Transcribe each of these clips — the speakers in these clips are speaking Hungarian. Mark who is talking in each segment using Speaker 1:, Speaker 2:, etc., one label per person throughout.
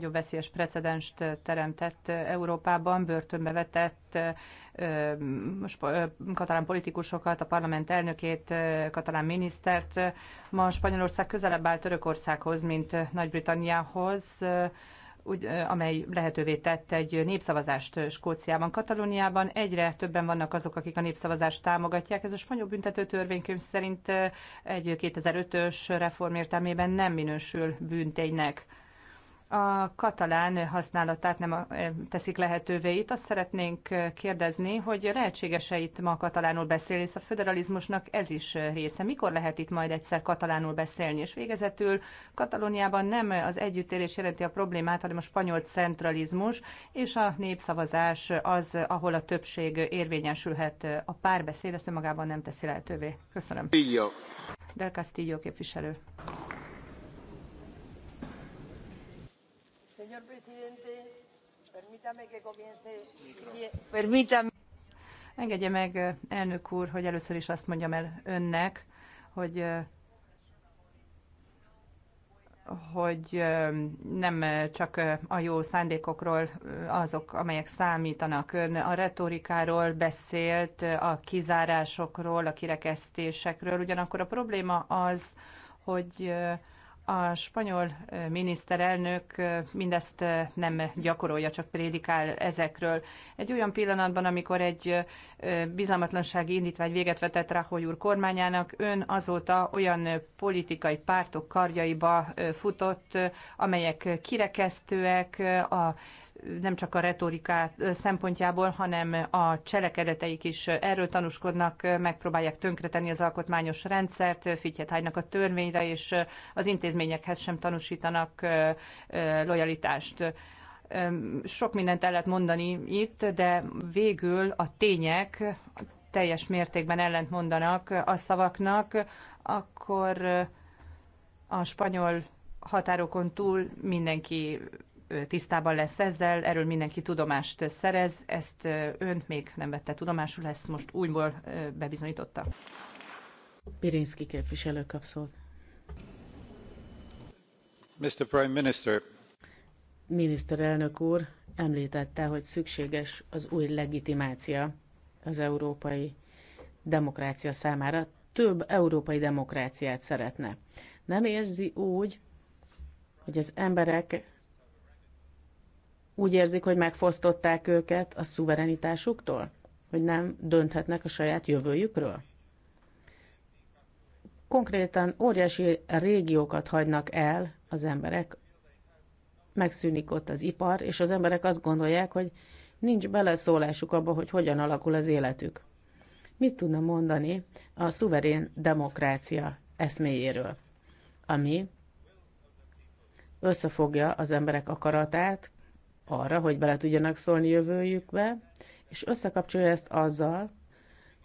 Speaker 1: nagyon veszélyes precedenst teremtett Európában, börtönbe vetett katalán politikusokat, a parlament elnökét, katalán minisztert. Ma Spanyolország közelebb áll Törökországhoz, mint Nagy-Britanniához amely lehetővé tett egy népszavazást Skóciában, Katalóniában. Egyre többen vannak azok, akik a népszavazást támogatják. Ez a spanyol büntető törvénykönyv szerint egy 2005-ös reform értelmében nem minősül bűnténynek a katalán használatát nem teszik lehetővé. Itt azt szeretnénk kérdezni, hogy lehetséges-e itt ma katalánul beszélni, és a föderalizmusnak ez is része. Mikor lehet itt majd egyszer katalánul beszélni? És végezetül Katalóniában nem az együttélés jelenti a problémát, hanem a spanyol centralizmus, és a népszavazás az, ahol a többség érvényesülhet a párbeszéd, ezt magában nem teszi lehetővé. Köszönöm. Del Castillo képviselő.
Speaker 2: Señor presidente, permítame que comience.
Speaker 1: Permítame. Engedje meg, elnök úr, hogy először is azt mondjam el önnek, hogy hogy nem csak a jó szándékokról, azok, amelyek számítanak. Ön a retorikáról beszélt, a kizárásokról, a kirekesztésekről. Ugyanakkor a probléma az, hogy a spanyol miniszterelnök mindezt nem gyakorolja, csak prédikál ezekről. Egy olyan pillanatban, amikor egy bizalmatlansági indítvány véget vetett Rajoy úr kormányának, ön azóta olyan politikai pártok karjaiba futott, amelyek kirekesztőek, a nem csak a retorikát szempontjából, hanem a cselekedeteik is erről tanúskodnak, megpróbálják tönkretenni az alkotmányos rendszert, fityet hánynak a törvényre, és az intézményekhez sem tanúsítanak lojalitást. Sok mindent el lehet mondani itt, de végül a tények teljes mértékben ellent mondanak a szavaknak, akkor a spanyol határokon túl mindenki tisztában lesz ezzel, erről mindenki tudomást szerez, ezt ön még nem vette tudomásul, ezt most újból bebizonyította. Pirinszki képviselő kap szót.
Speaker 3: Mr. Prime Minister.
Speaker 2: Miniszterelnök úr említette, hogy szükséges az új legitimácia az európai demokrácia számára. Több európai demokráciát szeretne. Nem érzi úgy, hogy az emberek úgy érzik, hogy megfosztották őket a szuverenitásuktól? Hogy nem dönthetnek a saját jövőjükről? Konkrétan óriási régiókat hagynak el az emberek, megszűnik ott az ipar, és az emberek azt gondolják, hogy nincs beleszólásuk abba, hogy hogyan alakul az életük. Mit tudna mondani a szuverén demokrácia eszméjéről, ami összefogja az emberek akaratát arra, hogy bele tudjanak szólni jövőjükbe, és összekapcsolja ezt azzal,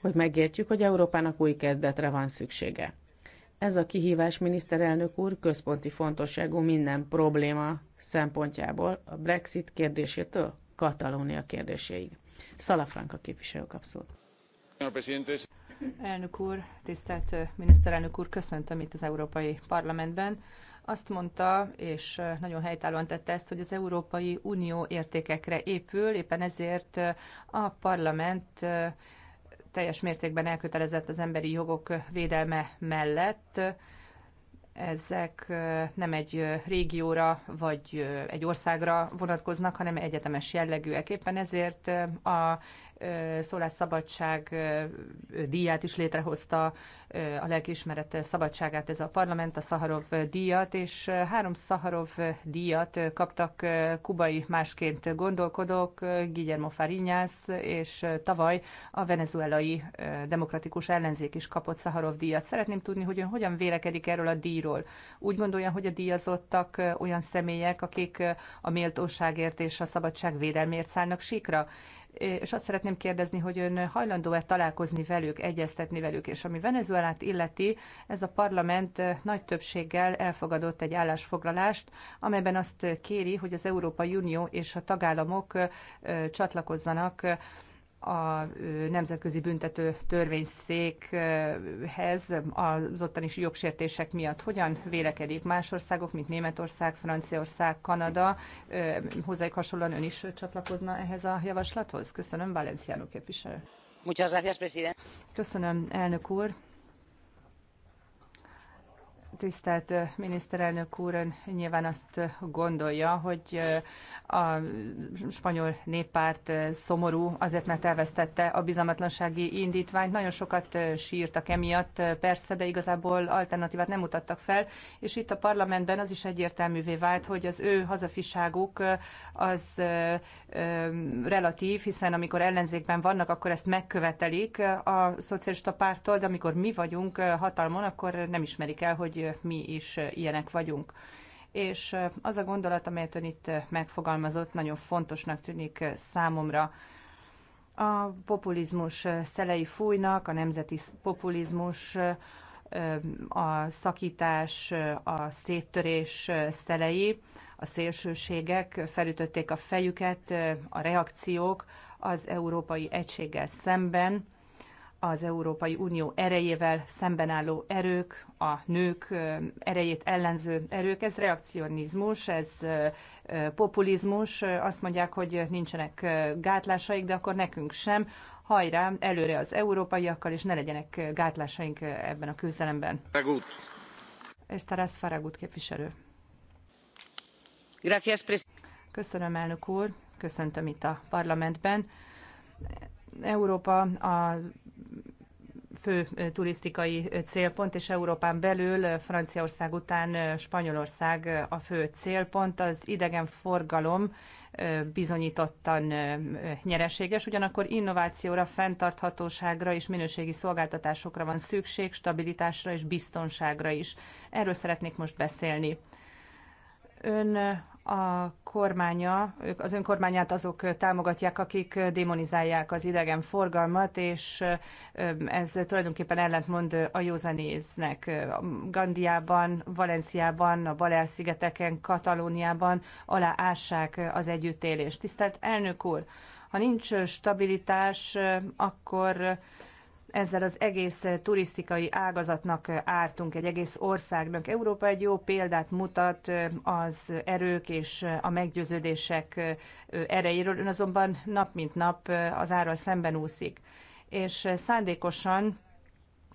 Speaker 2: hogy megértjük, hogy Európának új kezdetre van szüksége. Ez a kihívás, miniszterelnök úr, központi fontosságú minden probléma szempontjából, a Brexit kérdésétől Katalónia kérdéséig. Szalafranka képviselő kapszót.
Speaker 1: Elnök úr, tisztelt miniszterelnök úr, köszöntöm itt az Európai Parlamentben. Azt mondta, és nagyon helytállóan tette ezt, hogy az Európai Unió értékekre épül, éppen ezért a parlament teljes mértékben elkötelezett az emberi jogok védelme mellett. Ezek nem egy régióra vagy egy országra vonatkoznak, hanem egyetemes jellegűek. Éppen ezért a szólásszabadság díját is létrehozta, a lelkiismeret szabadságát ez a parlament, a Szaharov díjat, és három Szaharov díjat kaptak kubai másként gondolkodók, Guillermo Farinyász, és tavaly a venezuelai demokratikus ellenzék is kapott Szaharov díjat. Szeretném tudni, hogy ön hogyan vélekedik erről a díjról. Úgy gondolja, hogy a díjazottak olyan személyek, akik a méltóságért és a szabadság védelmért szállnak síkra, és azt szeretném kérdezni, hogy ön hajlandó-e találkozni velük, egyeztetni velük, és ami Venezuelát illeti, ez a parlament nagy többséggel elfogadott egy állásfoglalást, amelyben azt kéri, hogy az Európai Unió és a tagállamok csatlakozzanak a Nemzetközi Büntető Törvényszékhez az ottani jogsértések miatt hogyan vélekedik más országok, mint Németország, Franciaország, Kanada? Hozzájuk hasonlóan ön is csatlakozna ehhez a javaslathoz? Köszönöm, Valenciano képviselő. Köszönöm, elnök úr. Tisztelt miniszterelnök úr, ön nyilván azt gondolja, hogy a spanyol néppárt szomorú, azért mert elvesztette a bizalmatlansági indítványt. Nagyon sokat sírtak emiatt, persze, de igazából alternatívát nem mutattak fel, és itt a parlamentben az is egyértelművé vált, hogy az ő hazafiságuk az relatív, hiszen amikor ellenzékben vannak, akkor ezt megkövetelik a szocialista pártól, de amikor mi vagyunk hatalmon, akkor nem ismerik el, hogy mi is ilyenek vagyunk. És az a gondolat, amelyet ön itt megfogalmazott, nagyon fontosnak tűnik számomra. A populizmus szelei fújnak, a nemzeti populizmus, a szakítás, a széttörés szelei, a szélsőségek felütötték a fejüket, a reakciók az európai egységgel szemben, az Európai Unió erejével szemben álló erők, a nők erejét ellenző erők, ez reakcionizmus, ez populizmus, azt mondják, hogy nincsenek gátlásaik, de akkor nekünk sem, hajrá, előre az európaiakkal, és ne legyenek gátlásaink ebben a küzdelemben. Faragut. Estaras Faragut képviselő. Gracias, Köszönöm, elnök úr, köszöntöm itt a parlamentben. Európa a fő turisztikai célpont, és Európán belül Franciaország után Spanyolország a fő célpont. Az idegenforgalom bizonyítottan nyereséges, ugyanakkor innovációra, fenntarthatóságra és minőségi szolgáltatásokra van szükség, stabilitásra és biztonságra is. Erről szeretnék most beszélni. Ön a kormánya, ők az önkormányát azok támogatják, akik démonizálják az idegen forgalmat, és ez tulajdonképpen ellentmond a józanéznek. Gandiában, Valenciában, a Balear-szigeteken, Katalóniában aláássák az együttélést. Tisztelt elnök úr, ha nincs stabilitás, akkor ezzel az egész turisztikai ágazatnak ártunk, egy egész országnak. Európa egy jó példát mutat az erők és a meggyőződések erejéről, ön azonban nap mint nap az árral szemben úszik. És szándékosan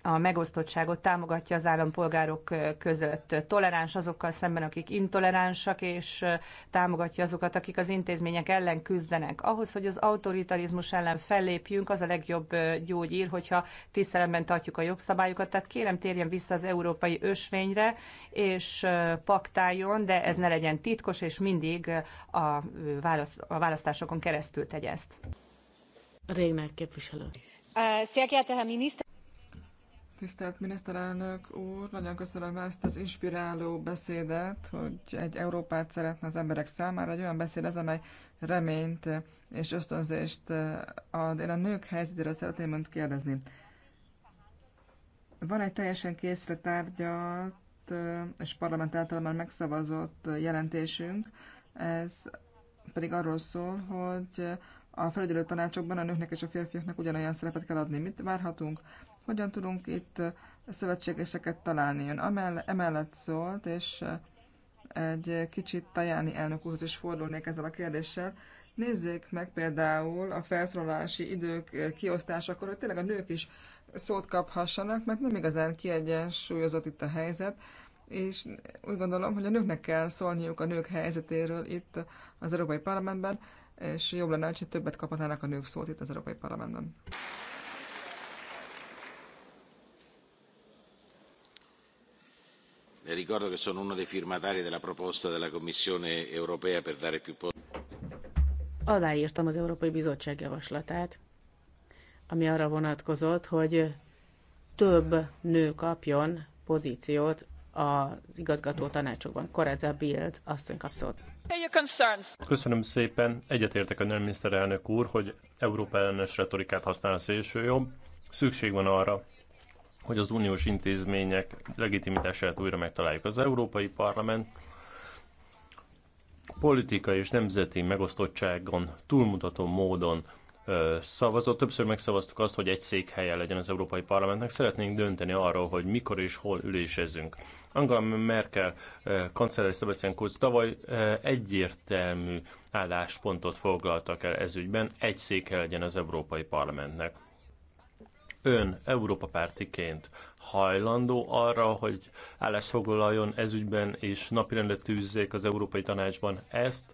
Speaker 1: a megosztottságot támogatja az állampolgárok között. Toleráns azokkal szemben, akik intoleránsak, és támogatja azokat, akik az intézmények ellen küzdenek. Ahhoz, hogy az autoritarizmus ellen fellépjünk, az a legjobb gyógyír, hogyha tiszteletben tartjuk a jogszabályokat. Tehát kérem térjen vissza az európai ösvényre, és paktáljon, de ez ne legyen titkos, és mindig a, választ, a választásokon keresztül tegye ezt. Régnár képviselő.
Speaker 4: Uh, Tisztelt miniszterelnök úr, nagyon köszönöm ezt az inspiráló beszédet, hogy egy Európát szeretne az emberek számára, egy olyan beszéd ez, amely reményt és ösztönzést ad. Én a nők helyzetéről szeretném önt kérdezni. Van egy teljesen készre tárgyalt és parlament által már megszavazott jelentésünk, ez pedig arról szól, hogy a felügyelő tanácsokban a nőknek és a férfiaknak ugyanolyan szerepet kell adni. Mit várhatunk hogyan tudunk itt szövetségeseket találni. Ön emellett szólt, és egy kicsit Tajáni elnök úrhoz is fordulnék ezzel a kérdéssel. Nézzék meg például a felszólalási idők kiosztásakor, hogy tényleg a nők is szót kaphassanak, mert nem igazán kiegyensúlyozott itt a helyzet, és úgy gondolom, hogy a nőknek kell szólniuk a nők helyzetéről itt az Európai Parlamentben, és jobb lenne, hogyha többet kaphatnának a nők szót itt az Európai Parlamentben.
Speaker 3: le ricordo che sono uno dei firmatari della proposta della Commissione europea per dare più posti.
Speaker 2: Aláírtam az Európai Bizottság javaslatát, ami arra vonatkozott, hogy több nő kapjon pozíciót az igazgató tanácsokban. Koredza Bild asszony kap szót.
Speaker 5: Köszönöm szépen. Egyetértek a miniszterelnök úr, hogy Európa ellenes retorikát használ a szélső jobb. Szükség van arra, hogy az uniós intézmények legitimitását újra megtaláljuk. Az Európai Parlament politikai és nemzeti megosztottságon túlmutató módon szavazott. Többször megszavaztuk azt, hogy egy székhelye legyen az Európai Parlamentnek. Szeretnénk dönteni arról, hogy mikor és hol ülésezünk. Angela Merkel kancellár Sebastian Kurz tavaly egyértelmű álláspontot foglaltak el ezügyben, egy székhelye legyen az Európai Parlamentnek ön Európa pártiként hajlandó arra, hogy állásfoglaljon ez ezügyben, és napirendre tűzzék az Európai Tanácsban ezt,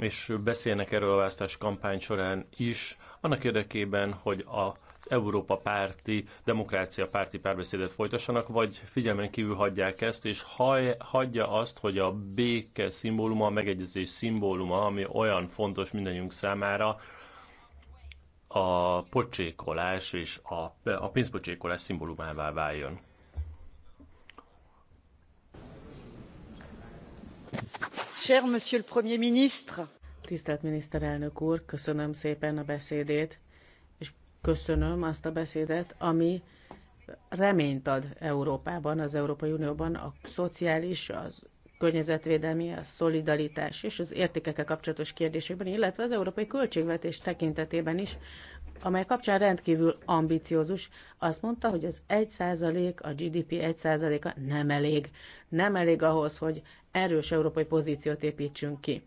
Speaker 5: és beszélnek erről a választás kampány során is, annak érdekében, hogy a Európa párti, demokrácia párti párbeszédet folytassanak, vagy figyelmen kívül hagyják ezt, és haj, hagyja azt, hogy a béke szimbóluma, a megegyezés szimbóluma, ami olyan fontos mindenünk számára, a pocsékolás és a, a pénzpocsékolás szimbólumává váljon.
Speaker 2: Cher Monsieur le Premier Ministre! Tisztelt miniszterelnök úr, köszönöm szépen a beszédét, és köszönöm azt a beszédet, ami reményt ad Európában, az Európai Unióban a szociális, az környezetvédelmi, a szolidaritás és az értékekkel kapcsolatos kérdésekben, illetve az európai költségvetés tekintetében is, amely kapcsán rendkívül ambiciózus, azt mondta, hogy az 1% a GDP 1%-a nem elég. Nem elég ahhoz, hogy erős európai pozíciót építsünk ki.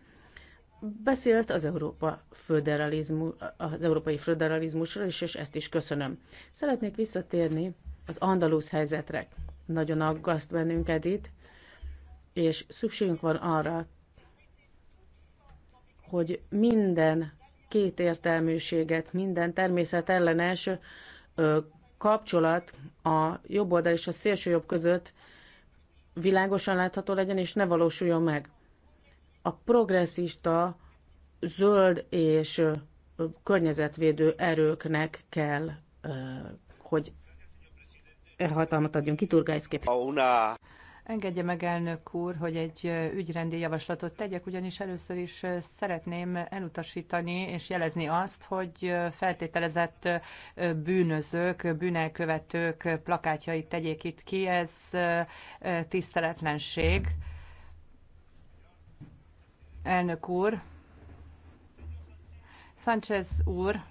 Speaker 2: Beszélt az, Európa föderalizmu, az európai föderalizmusról is, és ezt is köszönöm. Szeretnék visszatérni az andalusz helyzetre. Nagyon aggaszt bennünket itt, és szükségünk van arra, hogy minden kétértelműséget, minden természetellenes kapcsolat a jobb oldal és a szélső jobb között világosan látható legyen, és ne valósuljon meg. A progresszista, zöld és környezetvédő erőknek
Speaker 1: kell, hogy e hatalmat adjon ki Turgájsz Engedje meg, elnök úr, hogy egy ügyrendi javaslatot tegyek, ugyanis először is szeretném elutasítani és jelezni azt, hogy feltételezett bűnözők, bűnelkövetők plakátjait tegyék itt ki. Ez tiszteletlenség. Elnök úr, Sánchez úr,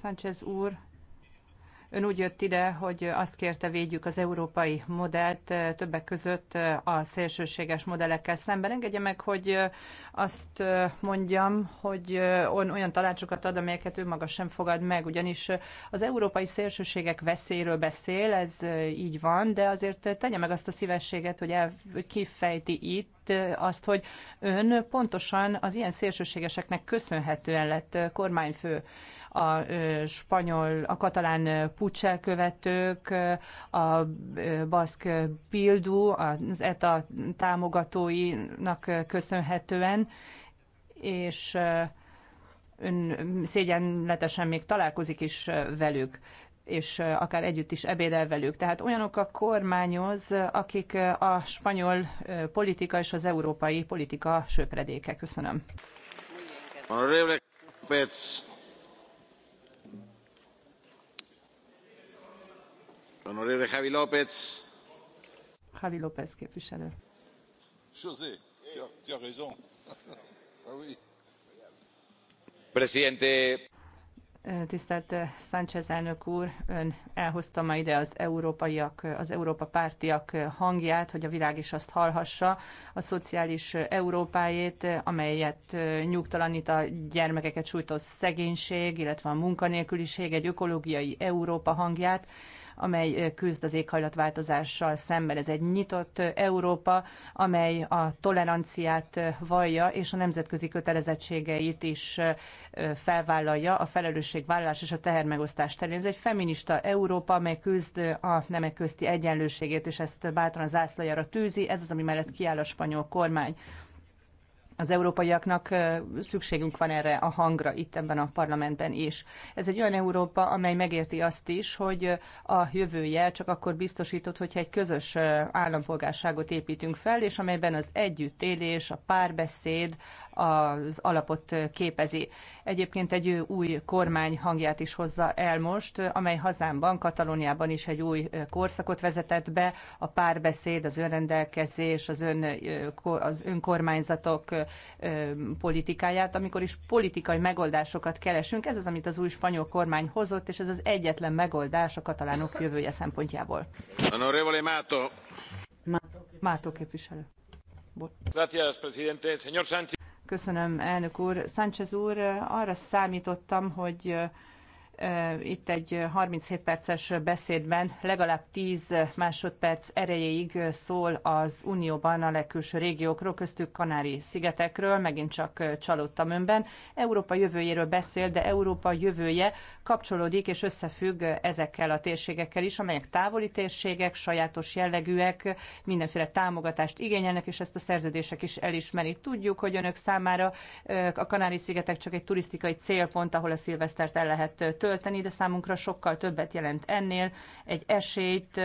Speaker 1: Sánchez úr, Ön úgy jött ide, hogy azt kérte, védjük az európai modellt, többek között a szélsőséges modellekkel szemben. Engedje meg, hogy azt mondjam, hogy olyan tanácsokat ad, amelyeket ő maga sem fogad meg, ugyanis az európai szélsőségek veszélyről beszél, ez így van, de azért tegye meg azt a szívességet, hogy el, kifejti itt, azt, hogy ön pontosan az ilyen szélsőségeseknek köszönhetően lett kormányfő a spanyol, a katalán pucse követők, a baszk Bildu, az ETA támogatóinak köszönhetően, és ön szégyenletesen még találkozik is velük és akár együtt is ebédel velük. Tehát olyanok a kormányoz, akik a spanyol politika és az európai politika söpredéke. Köszönöm.
Speaker 3: Honorable Pets. Javi
Speaker 1: López. képviselő. José, ah Tisztelt Sánchez elnök úr, ön elhozta ma ide az európaiak, az Európa pártiak hangját, hogy a világ is azt hallhassa, a szociális európáét amelyet nyugtalanít a gyermekeket sújtó szegénység, illetve a munkanélküliség, egy ökológiai Európa hangját, amely küzd az éghajlatváltozással szemben. Ez egy nyitott Európa, amely a toleranciát vallja, és a nemzetközi kötelezettségeit is felvállalja a felelősségvállalás és a tehermegosztás terén. Ez egy feminista Európa, amely küzd a nemek közti egyenlőségét, és ezt bátran zászlajára tűzi. Ez az, ami mellett kiáll a spanyol kormány az európaiaknak szükségünk van erre a hangra itt ebben a parlamentben is. Ez egy olyan Európa, amely megérti azt is, hogy a jövője csak akkor biztosított, hogyha egy közös állampolgárságot építünk fel, és amelyben az együttélés, a párbeszéd, az alapot képezi. Egyébként egy új kormány hangját is hozza el most, amely hazámban, Katalóniában is egy új korszakot vezetett be, a párbeszéd, az önrendelkezés, az, ön, az önkormányzatok politikáját, amikor is politikai megoldásokat keresünk. Ez az, amit az új spanyol kormány hozott, és ez az egyetlen megoldás a katalánok jövője szempontjából.
Speaker 3: Honorable Mato.
Speaker 1: Mato Mato képviselő.
Speaker 3: Gracias, presidente. Señor Sánchez.
Speaker 1: Köszönöm, elnök úr. Sánchez úr, arra számítottam, hogy itt egy 37 perces beszédben legalább 10 másodperc erejéig szól az Unióban a legkülső régiókról, köztük Kanári-szigetekről, megint csak csalódtam önben. Európa jövőjéről beszél, de Európa jövője kapcsolódik és összefügg ezekkel a térségekkel is, amelyek távoli térségek, sajátos jellegűek, mindenféle támogatást igényelnek, és ezt a szerződések is elismeri. Tudjuk, hogy önök számára a Kanári-szigetek csak egy turisztikai célpont, ahol a szilvesztert el lehet tölteni, de számunkra sokkal többet jelent ennél. Egy esélyt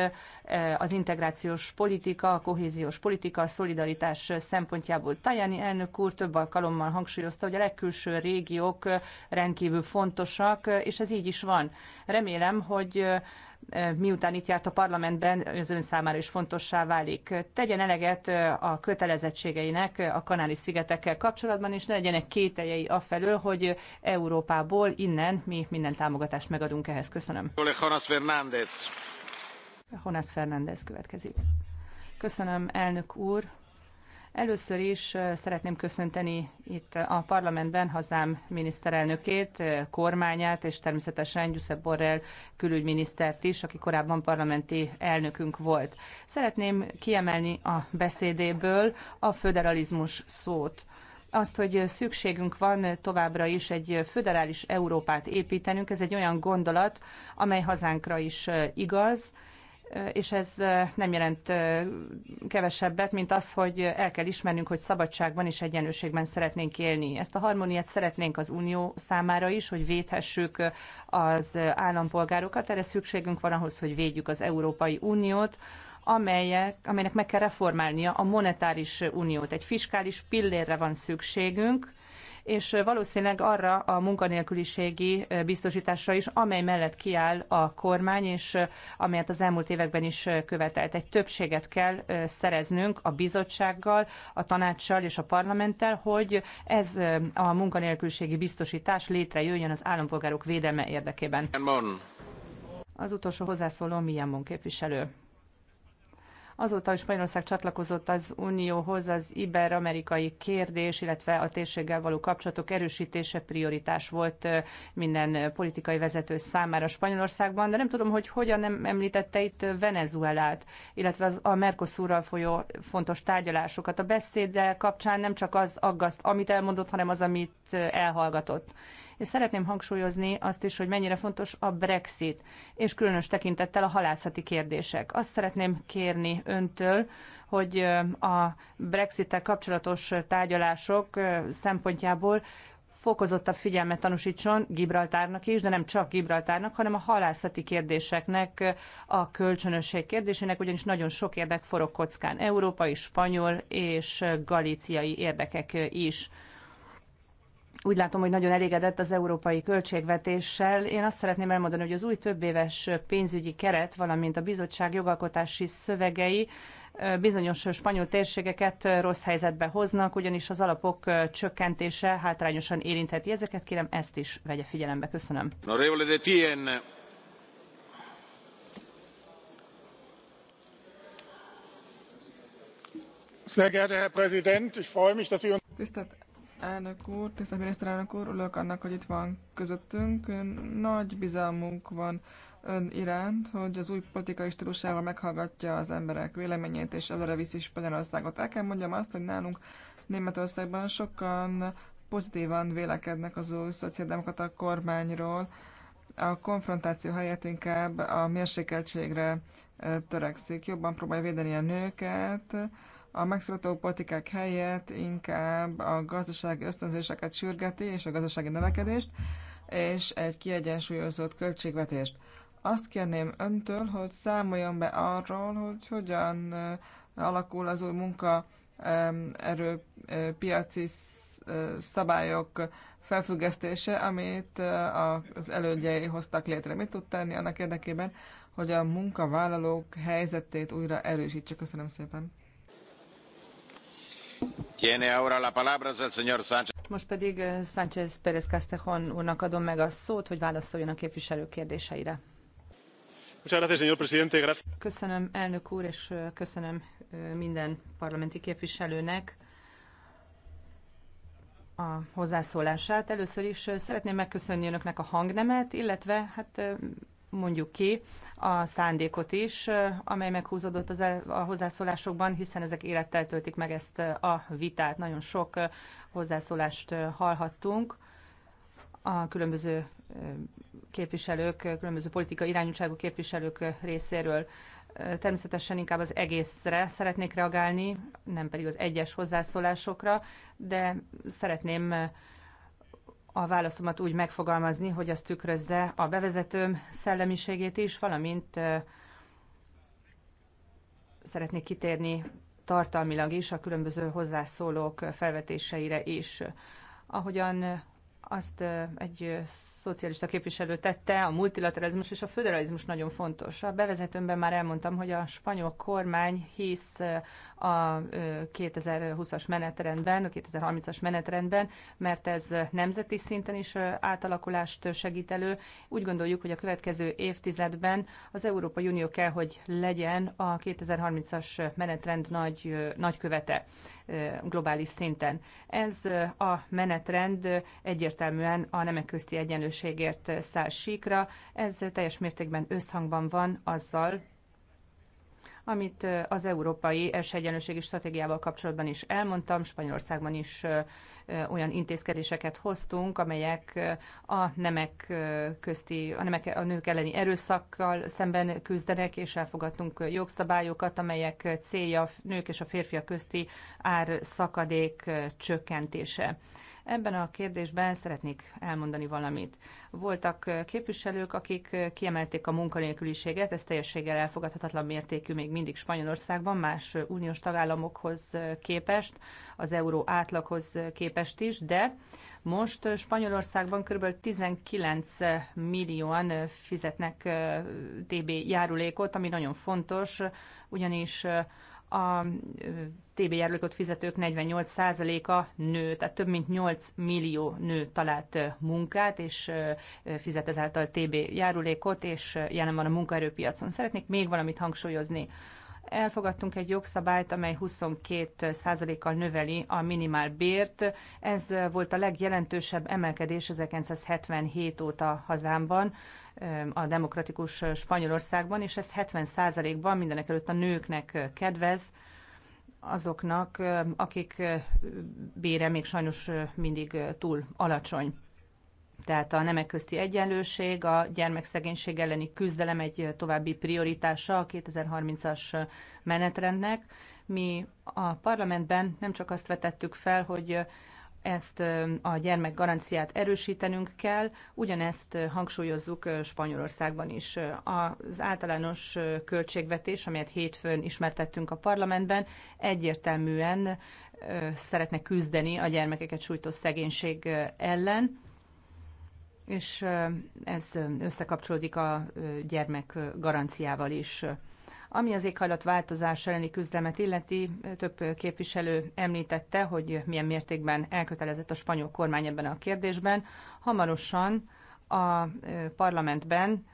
Speaker 1: az integrációs politika, a kohéziós politika, a szolidaritás szempontjából. Tajani elnök úr több alkalommal hangsúlyozta, hogy a legkülső régiók rendkívül fontosak, és ez így is van. Remélem, hogy miután itt járt a parlamentben, az ön számára is fontossá válik. Tegyen eleget a kötelezettségeinek a kanáli szigetekkel kapcsolatban, és ne legyenek kételjei afelől, hogy Európából innen mi minden támogatást megadunk ehhez. Köszönöm.
Speaker 3: Jonas Fernández.
Speaker 1: Jonas Fernández következik. Köszönöm, elnök úr. Először is szeretném köszönteni itt a parlamentben hazám miniszterelnökét, kormányát, és természetesen Giuseppe Borrell külügyminisztert is, aki korábban parlamenti elnökünk volt. Szeretném kiemelni a beszédéből a föderalizmus szót azt, hogy szükségünk van továbbra is egy föderális Európát építenünk, ez egy olyan gondolat, amely hazánkra is igaz, és ez nem jelent kevesebbet, mint az, hogy el kell ismernünk, hogy szabadságban és egyenlőségben szeretnénk élni. Ezt a harmóniát szeretnénk az Unió számára is, hogy védhessük az állampolgárokat. Erre szükségünk van ahhoz, hogy védjük az Európai Uniót, amelyek, amelynek meg kell reformálnia a monetáris uniót. Egy fiskális pillérre van szükségünk, és valószínűleg arra a munkanélküliségi biztosításra is, amely mellett kiáll a kormány, és amelyet az elmúlt években is követelt. Egy többséget kell szereznünk a bizottsággal, a tanácssal és a parlamenttel, hogy ez a munkanélküliségi biztosítás létrejöjjön az állampolgárok védelme érdekében. Az utolsó hozzászóló Milyen képviselő. Azóta, hogy Spanyolország csatlakozott az Unióhoz, az iber-amerikai kérdés, illetve a térséggel való kapcsolatok erősítése prioritás volt minden politikai vezető számára Spanyolországban, de nem tudom, hogy hogyan nem említette itt Venezuelát, illetve az a Mercosurral folyó fontos tárgyalásokat. A beszéddel kapcsán nem csak az aggaszt, amit elmondott, hanem az, amit elhallgatott és szeretném hangsúlyozni azt is, hogy mennyire fontos a Brexit, és különös tekintettel a halászati kérdések. Azt szeretném kérni öntől, hogy a Brexit-tel kapcsolatos tárgyalások szempontjából fokozottabb figyelmet tanúsítson Gibraltárnak is, de nem csak Gibraltárnak, hanem a halászati kérdéseknek, a kölcsönösség kérdésének, ugyanis nagyon sok érdek forog kockán, európai, spanyol és galíciai érdekek is úgy látom, hogy nagyon elégedett az európai költségvetéssel. Én azt szeretném elmondani, hogy az új többéves pénzügyi keret, valamint a bizottság jogalkotási szövegei bizonyos spanyol térségeket rossz helyzetbe hoznak, ugyanis az alapok csökkentése hátrányosan érintheti ezeket. Kérem, ezt is vegye figyelembe. Köszönöm. Sehr geehrter Herr
Speaker 4: Präsident, ich freue mich, dass Sie uns... Tisztelt elnök úr, tisztelt miniszterelnök úr, örülök annak, hogy itt van közöttünk. Nagy bizalmunk van ön iránt, hogy az új politikai stílusával meghallgatja az emberek véleményét, és előre viszi Spanyolországot. El kell mondjam azt, hogy nálunk Németországban sokan pozitívan vélekednek az új szociáldemokrata kormányról. A konfrontáció helyett inkább a mérsékeltségre eh, törekszik, jobban próbálja védeni a nőket, a megszorult politikák helyett inkább a gazdasági ösztönzéseket sürgeti és a gazdasági növekedést, és egy kiegyensúlyozott költségvetést. Azt kérném öntől, hogy számoljon be arról, hogy hogyan eh, alakul az új munkaerőpiaci eh, eh, szabályok felfüggesztése, amit az elődjei hoztak létre. Mit tud tenni annak érdekében, hogy a munkavállalók helyzetét újra erősítse? Köszönöm szépen.
Speaker 1: Most pedig eh, Sánchez Pérez Castejón úrnak adom meg a szót, hogy válaszoljon a képviselők kérdéseire. Köszönöm, elnök úr, és eh, köszönöm eh, minden parlamenti képviselőnek a hozzászólását. Először is szeretném megköszönni önöknek a hangnemet, illetve hát mondjuk ki, a szándékot is, amely meghúzódott az a hozzászólásokban, hiszen ezek élettel töltik meg ezt a vitát. Nagyon sok hozzászólást hallhattunk a különböző képviselők, különböző politikai irányultságú képviselők részéről. Természetesen inkább az egészre szeretnék reagálni, nem pedig az egyes hozzászólásokra, de szeretném a válaszomat úgy megfogalmazni, hogy az tükrözze a bevezetőm szellemiségét is, valamint szeretnék kitérni tartalmilag is a különböző hozzászólók felvetéseire is. Ahogyan azt egy szocialista képviselő tette, a multilateralizmus és a föderalizmus nagyon fontos. A bevezetőmben már elmondtam, hogy a spanyol kormány hisz a 2020-as menetrendben, a 2030-as menetrendben, mert ez nemzeti szinten is átalakulást segít elő. Úgy gondoljuk, hogy a következő évtizedben az Európai Unió kell, hogy legyen a 2030-as menetrend nagy, nagykövete globális szinten. Ez a menetrend egyértelműen a nemek közti egyenlőségért száll síkra, ez teljes mértékben összhangban van azzal, amit az európai esélyegyenlőségi stratégiával kapcsolatban is elmondtam, Spanyolországban is olyan intézkedéseket hoztunk, amelyek a nemek közti, a, nemek, a nők elleni erőszakkal szemben küzdenek, és elfogadtunk jogszabályokat, amelyek célja a nők és a férfiak közti árszakadék csökkentése. Ebben a kérdésben szeretnék elmondani valamit. Voltak képviselők, akik kiemelték a munkanélküliséget, ez teljességgel elfogadhatatlan mértékű még mindig Spanyolországban, más uniós tagállamokhoz képest, az euró átlaghoz képest is, de most Spanyolországban kb. 19 millióan fizetnek TB járulékot, ami nagyon fontos, ugyanis a TB járulékot fizetők 48%-a nő, tehát több mint 8 millió nő talált munkát, és fizet ezáltal TB járulékot, és jelen van a munkaerőpiacon. Szeretnék még valamit hangsúlyozni. Elfogadtunk egy jogszabályt, amely 22%-kal növeli a minimál bért. Ez volt a legjelentősebb emelkedés 1977 óta hazámban a demokratikus Spanyolországban, és ez 70%-ban mindenek előtt a nőknek kedvez, azoknak, akik bére még sajnos mindig túl alacsony. Tehát a nemek közti egyenlőség, a gyermekszegénység elleni küzdelem egy további prioritása a 2030-as menetrendnek. Mi a parlamentben nem csak azt vetettük fel, hogy ezt a gyermekgaranciát erősítenünk kell, ugyanezt hangsúlyozzuk Spanyolországban is. Az általános költségvetés, amelyet hétfőn ismertettünk a parlamentben, egyértelműen szeretne küzdeni a gyermekeket sújtó szegénység ellen, és ez összekapcsolódik a gyermek garanciával is. Ami az éghajlatváltozás elleni küzdelmet illeti, több képviselő említette, hogy milyen mértékben elkötelezett a spanyol kormány ebben a kérdésben. Hamarosan a parlamentben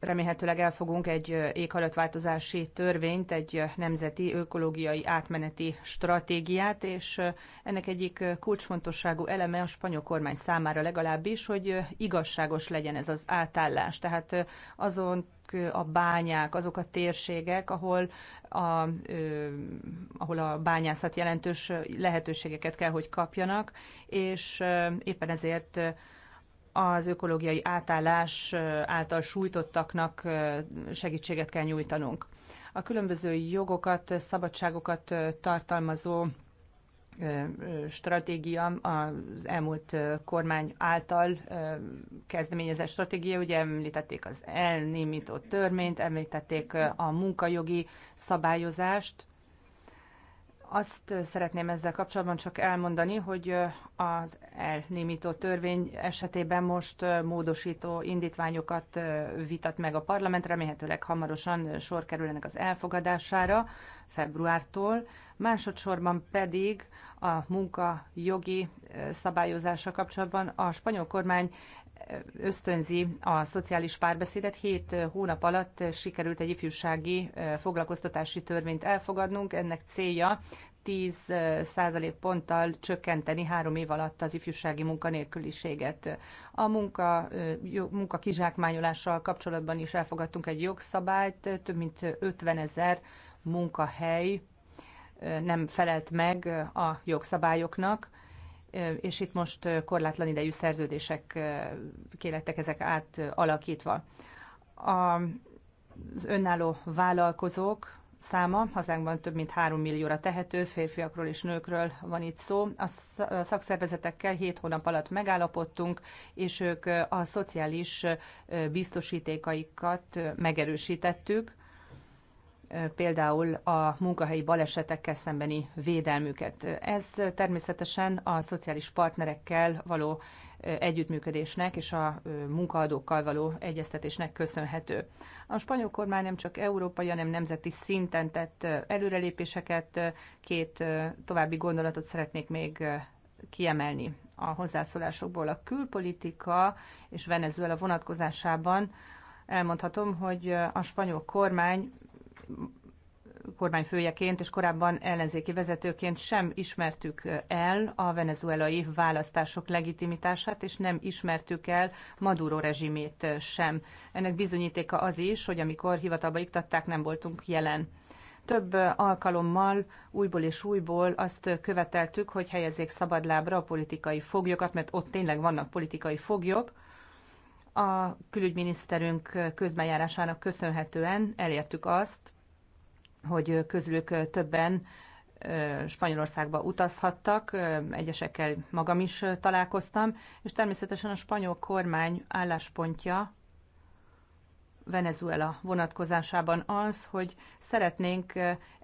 Speaker 1: remélhetőleg elfogunk egy éghajlatváltozási törvényt, egy nemzeti ökológiai átmeneti stratégiát, és ennek egyik kulcsfontosságú eleme a spanyol kormány számára legalábbis, hogy igazságos legyen ez az átállás. Tehát azon a bányák, azok a térségek, ahol a, ö, ahol a bányászat jelentős lehetőségeket kell, hogy kapjanak, és éppen ezért az ökológiai átállás által sújtottaknak segítséget kell nyújtanunk. A különböző jogokat, szabadságokat tartalmazó stratégia, az elmúlt kormány által kezdeményezett stratégia, ugye említették az elnémító törvényt, említették a munkajogi szabályozást, azt szeretném ezzel kapcsolatban csak elmondani, hogy az elnémító törvény esetében most módosító indítványokat vitat meg a parlament, remélhetőleg hamarosan sor kerül ennek az elfogadására februártól, másodszorban pedig a munka jogi szabályozása kapcsolatban a spanyol kormány ösztönzi a szociális párbeszédet. Hét eh, hónap alatt eh, sikerült egy ifjúsági eh, foglalkoztatási törvényt elfogadnunk. Ennek célja 10 százalék ponttal csökkenteni három év alatt az ifjúsági munkanélküliséget. A munka, munka kizsákmányolással kapcsolatban is elfogadtunk egy jogszabályt, több mint 50 ezer munkahely nem felelt meg a jogszabályoknak és itt most korlátlan idejű szerződések kélettek ezek átalakítva. Az önálló vállalkozók száma hazánkban több mint 3 millióra tehető, férfiakról és nőkről van itt szó. A szakszervezetekkel 7 hónap alatt megállapodtunk, és ők a szociális biztosítékaikat megerősítettük például a munkahelyi balesetekkel szembeni védelmüket. Ez természetesen a szociális partnerekkel való együttműködésnek és a munkaadókkal való egyeztetésnek köszönhető. A spanyol kormány nem csak európai, hanem nemzeti szinten tett előrelépéseket. Két további gondolatot szeretnék még kiemelni a hozzászólásokból. A külpolitika és Venezuela vonatkozásában elmondhatom, hogy a spanyol kormány kormányfőjeként és korábban ellenzéki vezetőként sem ismertük el a venezuelai választások legitimitását, és nem ismertük el Maduro rezsimét sem. Ennek bizonyítéka az is, hogy amikor hivatalba iktatták, nem voltunk jelen. Több alkalommal újból és újból azt követeltük, hogy helyezzék szabadlábra a politikai foglyokat, mert ott tényleg vannak politikai foglyok, a külügyminiszterünk közbenjárásának köszönhetően elértük azt, hogy közülük többen Spanyolországba utazhattak, egyesekkel magam is találkoztam, és természetesen a spanyol kormány álláspontja Venezuela vonatkozásában az, hogy szeretnénk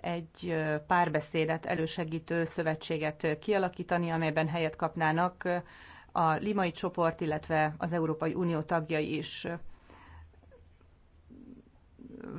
Speaker 1: egy párbeszédet elősegítő szövetséget kialakítani, amelyben helyet kapnának a limai csoport, illetve az Európai Unió tagjai is.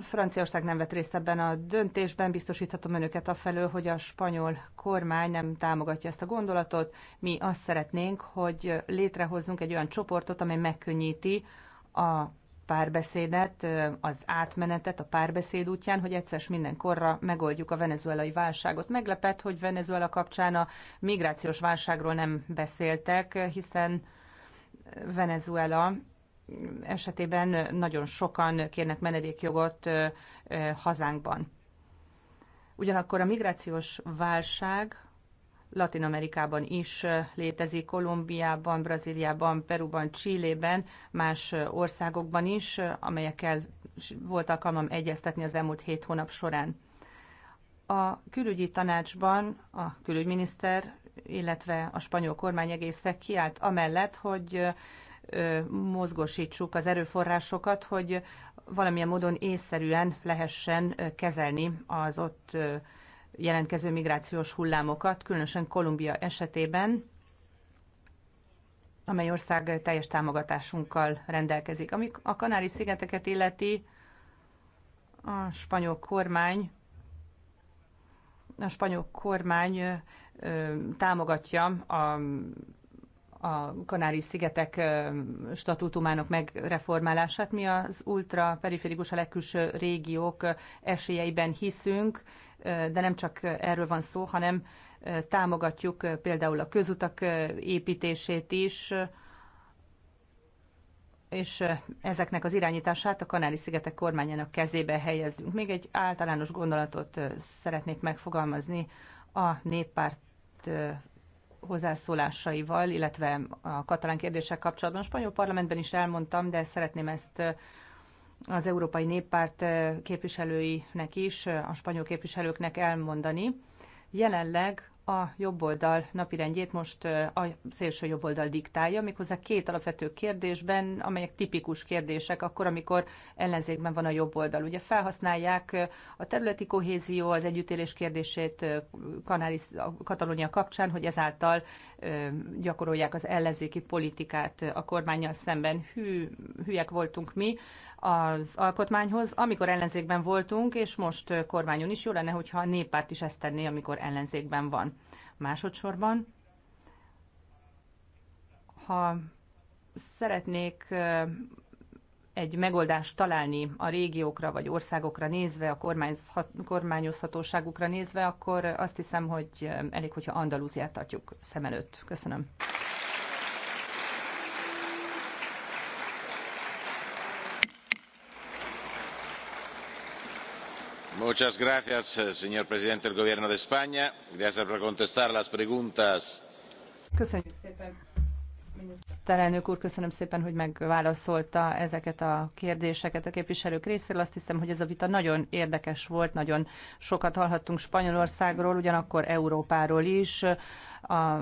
Speaker 1: Franciaország nem vett részt ebben a döntésben, biztosíthatom önöket a felől, hogy a spanyol kormány nem támogatja ezt a gondolatot. Mi azt szeretnénk, hogy létrehozzunk egy olyan csoportot, amely megkönnyíti a párbeszédet, az átmenetet a párbeszéd útján, hogy egyszer mindenkorra megoldjuk a venezuelai válságot. Meglepett, hogy Venezuela kapcsán a migrációs válságról nem beszéltek, hiszen Venezuela esetében nagyon sokan kérnek menedékjogot hazánkban. Ugyanakkor a migrációs válság Latin Amerikában is létezik, Kolumbiában, Brazíliában, Perúban, Csillében, más országokban is, amelyekkel volt alkalmam egyeztetni az elmúlt hét hónap során. A külügyi tanácsban a külügyminiszter, illetve a spanyol kormány egészen kiállt amellett, hogy mozgósítsuk az erőforrásokat, hogy valamilyen módon észszerűen lehessen kezelni az ott jelentkező migrációs hullámokat, különösen Kolumbia esetében, amely ország teljes támogatásunkkal rendelkezik. Ami a Kanári-szigeteket illeti, a spanyol kormány a spanyol kormány támogatja a a Kanári-szigetek statútumának megreformálását. Mi az periférikus, a legkülső régiók esélyeiben hiszünk, de nem csak erről van szó, hanem támogatjuk például a közutak építését is, és ezeknek az irányítását a Kanári-szigetek kormányának kezébe helyezzünk. Még egy általános gondolatot szeretnék megfogalmazni a néppárt hozzászólásaival, illetve a katalán kérdések kapcsolatban. A spanyol parlamentben is elmondtam, de szeretném ezt az Európai Néppárt képviselőinek is, a spanyol képviselőknek elmondani. Jelenleg a jobboldal napirendjét most a szélső jobboldal diktálja, méghozzá két alapvető kérdésben, amelyek tipikus kérdések, akkor, amikor ellenzékben van a jobboldal. Ugye felhasználják a területi kohézió, az együttélés kérdését Kanáris, Katalónia kapcsán, hogy ezáltal gyakorolják az ellenzéki politikát a kormányjal szemben. Hű, hülyek voltunk mi, az alkotmányhoz, amikor ellenzékben voltunk, és most kormányon is jó lenne, hogyha a néppárt is ezt tenné, amikor ellenzékben van. Másodszorban, ha szeretnék egy megoldást találni a régiókra vagy országokra nézve, a kormányozhatóságukra nézve, akkor azt hiszem, hogy elég, hogyha Andalúziát tartjuk szem előtt. Köszönöm.
Speaker 3: muchas gracias eh, señor presidente del gobierno de españa gracias por contestar las preguntas.
Speaker 1: köszönjük szépen! Miniszterelnök úr, köszönöm szépen, hogy megválaszolta ezeket a kérdéseket a képviselők részéről. Azt hiszem, hogy ez a vita nagyon érdekes volt, nagyon sokat hallhattunk Spanyolországról, ugyanakkor Európáról is, a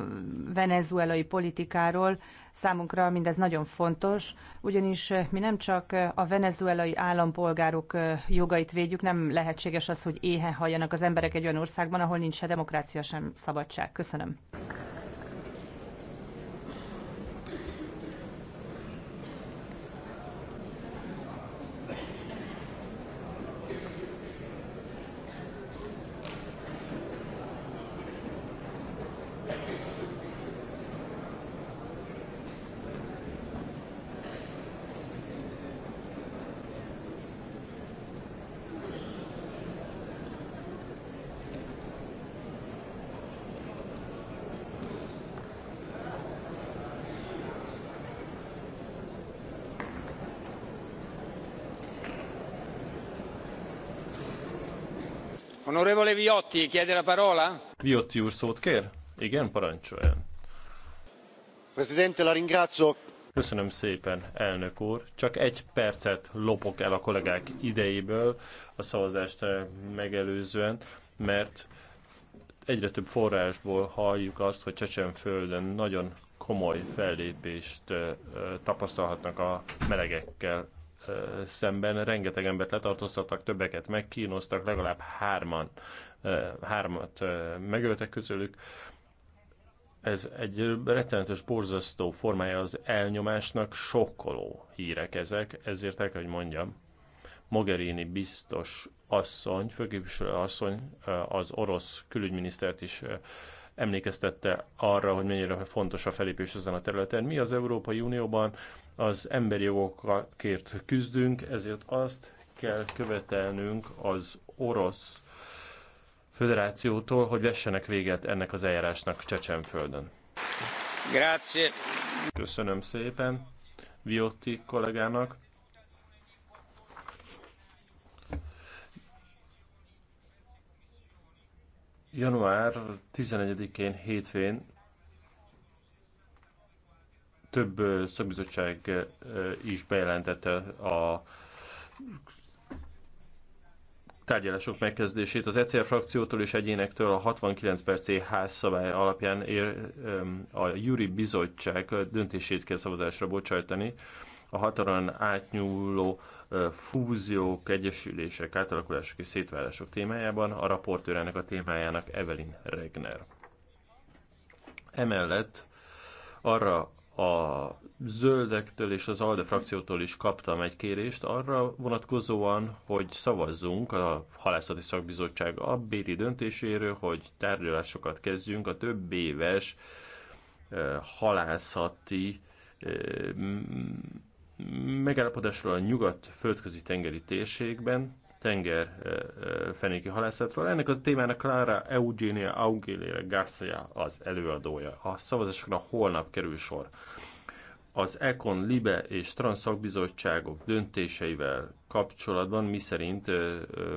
Speaker 1: venezuelai politikáról. Számunkra mindez nagyon fontos, ugyanis mi nem csak a venezuelai állampolgárok jogait védjük, nem lehetséges az, hogy éhen halljanak az emberek egy olyan országban, ahol nincs se demokrácia, sem szabadság. Köszönöm.
Speaker 3: Onorevole Viotti, chiede la parola?
Speaker 5: Viotti úr szót kér? Igen, parancsoljon.
Speaker 3: Presidente, la ringrazio.
Speaker 5: Köszönöm szépen, elnök úr. Csak egy percet lopok el a kollégák idejéből a szavazást eh, megelőzően, mert egyre több forrásból halljuk azt, hogy Csecsenföldön nagyon komoly fellépést eh, eh, tapasztalhatnak a melegekkel szemben rengeteg embert letartóztattak, többeket megkínoztak, legalább hárman, hármat megöltek közülük. Ez egy rettenetes, borzasztó formája az elnyomásnak, sokkoló hírek ezek, ezért el kell, hogy mondjam, Mogherini biztos asszony, főképviselő asszony az orosz külügyminisztert is emlékeztette arra, hogy mennyire fontos a felépés ezen a területen. Mi az Európai Unióban az emberi jogokért küzdünk, ezért azt kell követelnünk az orosz föderációtól, hogy vessenek véget ennek az eljárásnak Csecsenföldön. Grazie. Köszönöm szépen Viotti kollégának. Január 11-én hétfőn több szakbizottság is bejelentette a tárgyalások megkezdését. Az ECR frakciótól és egyénektől a 69 percé C házszabály alapján ér, a Júri Bizottság döntését kell szavazásra bocsájtani. A határon átnyúló fúziók, egyesülések, átalakulások és szétválások témájában a raportőrának a témájának Evelyn Regner. Emellett arra a zöldektől és az ALDE frakciótól is kaptam egy kérést arra vonatkozóan, hogy szavazzunk a Halászati Szakbizottság abbéri döntéséről, hogy tárgyalásokat kezdjünk a több éves halászati megállapodásról a nyugat földközi tengeri térségben, tenger fenéki halászatról. Ennek az témának Clara Eugenia Aguilera Garcia az előadója. A szavazásokra holnap kerül sor. Az Econ, Libe és Transzakbizottságok döntéseivel kapcsolatban miszerint ö, ö,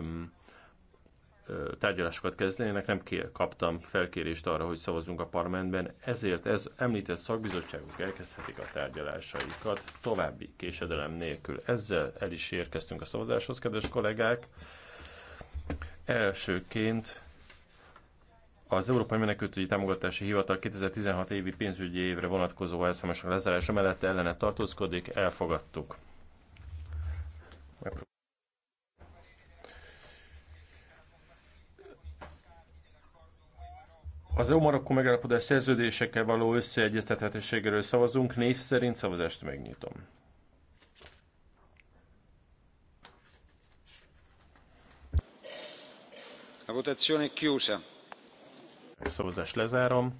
Speaker 5: tárgyalásokat kezdenének, nem kaptam felkérést arra, hogy szavazzunk a parlamentben, ezért ez említett szakbizottságok elkezdhetik a tárgyalásaikat további késedelem nélkül. Ezzel el is érkeztünk a szavazáshoz, kedves kollégák. Elsőként az Európai Menekültügyi Támogatási Hivatal 2016 évi pénzügyi évre vonatkozó SMS lezárása mellett ellene tartózkodik, elfogadtuk. Az EU-Marokkó megállapodás szerződésekkel való összeegyeztethetőségéről szavazunk, név szerint szavazást
Speaker 3: megnyitom. A votazione chiusa.
Speaker 5: A szavazást lezárom.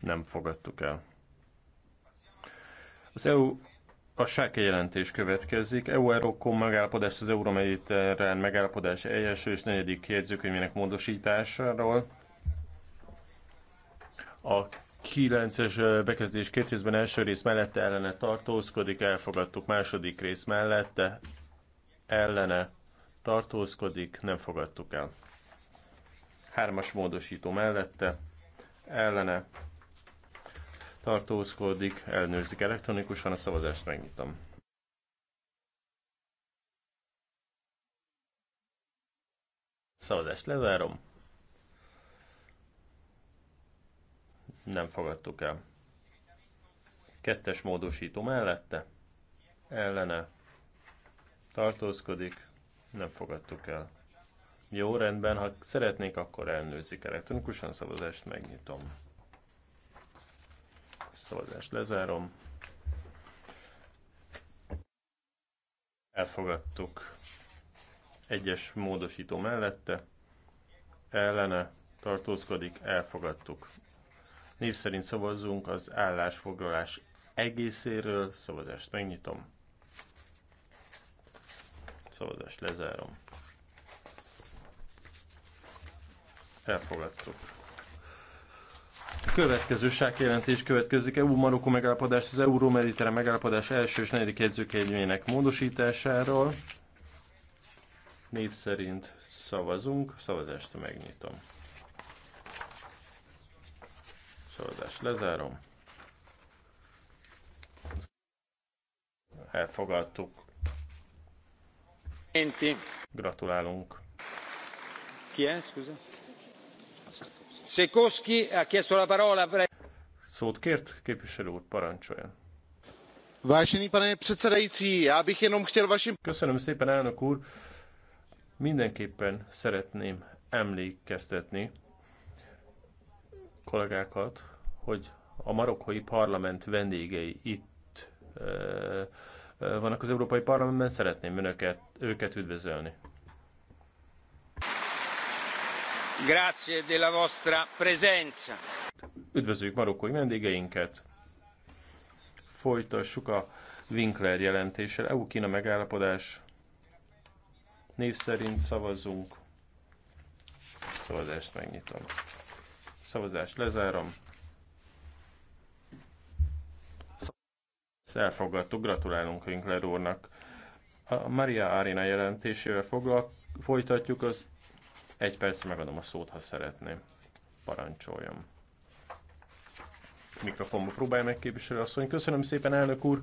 Speaker 5: Nem fogadtuk el. Az EU a sáke jelentés következik. EU-Eurocom megállapodás az Euromediterrán megállapodás első és negyedik jegyzőkönyvének módosításáról. A 9-es bekezdés két részben első rész mellette ellene tartózkodik, elfogadtuk második rész mellette, ellene tartózkodik, nem fogadtuk el. Hármas módosító mellette, ellene tartózkodik, ellenőrzik elektronikusan, a szavazást megnyitom. Szavazást lezárom. Nem fogadtuk el. Kettes módosító mellette, ellene tartózkodik, nem fogadtuk el. Jó, rendben, ha szeretnék, akkor elnőzik elektronikusan, szavazást megnyitom. Szavazást lezárom. Elfogadtuk. Egyes módosító mellette. Ellene tartózkodik. Elfogadtuk. Név szerint szavazzunk az állásfoglalás egészéről. Szavazást megnyitom. Szavazást lezárom. Elfogadtuk. A következő sákjelentés következik EU-Marokkó megállapodás az Euró-Mediterrán megállapodás első és negyedik jegyzőkönyvének módosításáról. Név szerint szavazunk, szavazást megnyitom. Szavazást lezárom. Elfogadtuk. Gratulálunk. Ki ez? Szót kért, képviselő úr, parancsoljon. Vážený
Speaker 3: pane předsedající, já
Speaker 5: bych jenom chtěl vašim... Köszönöm szépen, elnök úr. Mindenképpen szeretném emlékeztetni kollégákat, hogy a marokkói parlament vendégei itt eh, eh, vannak az Európai Parlamentben, szeretném önöket, őket üdvözölni.
Speaker 3: Grazie della vostra presenza.
Speaker 5: Üdvözlők marokkói vendégeinket. Folytassuk a Winkler jelentéssel. EU-Kína megállapodás. Név szerint szavazunk. Szavazást megnyitom. Szavazást lezárom. Ezt elfogadtuk, gratulálunk Winkler úrnak. A Maria Arena jelentésével foglalk, folytatjuk az egy perc, megadom a szót, ha szeretné. parancsoljam. Mikrofonba próbálj meg, képviselő asszony. Köszönöm szépen, elnök úr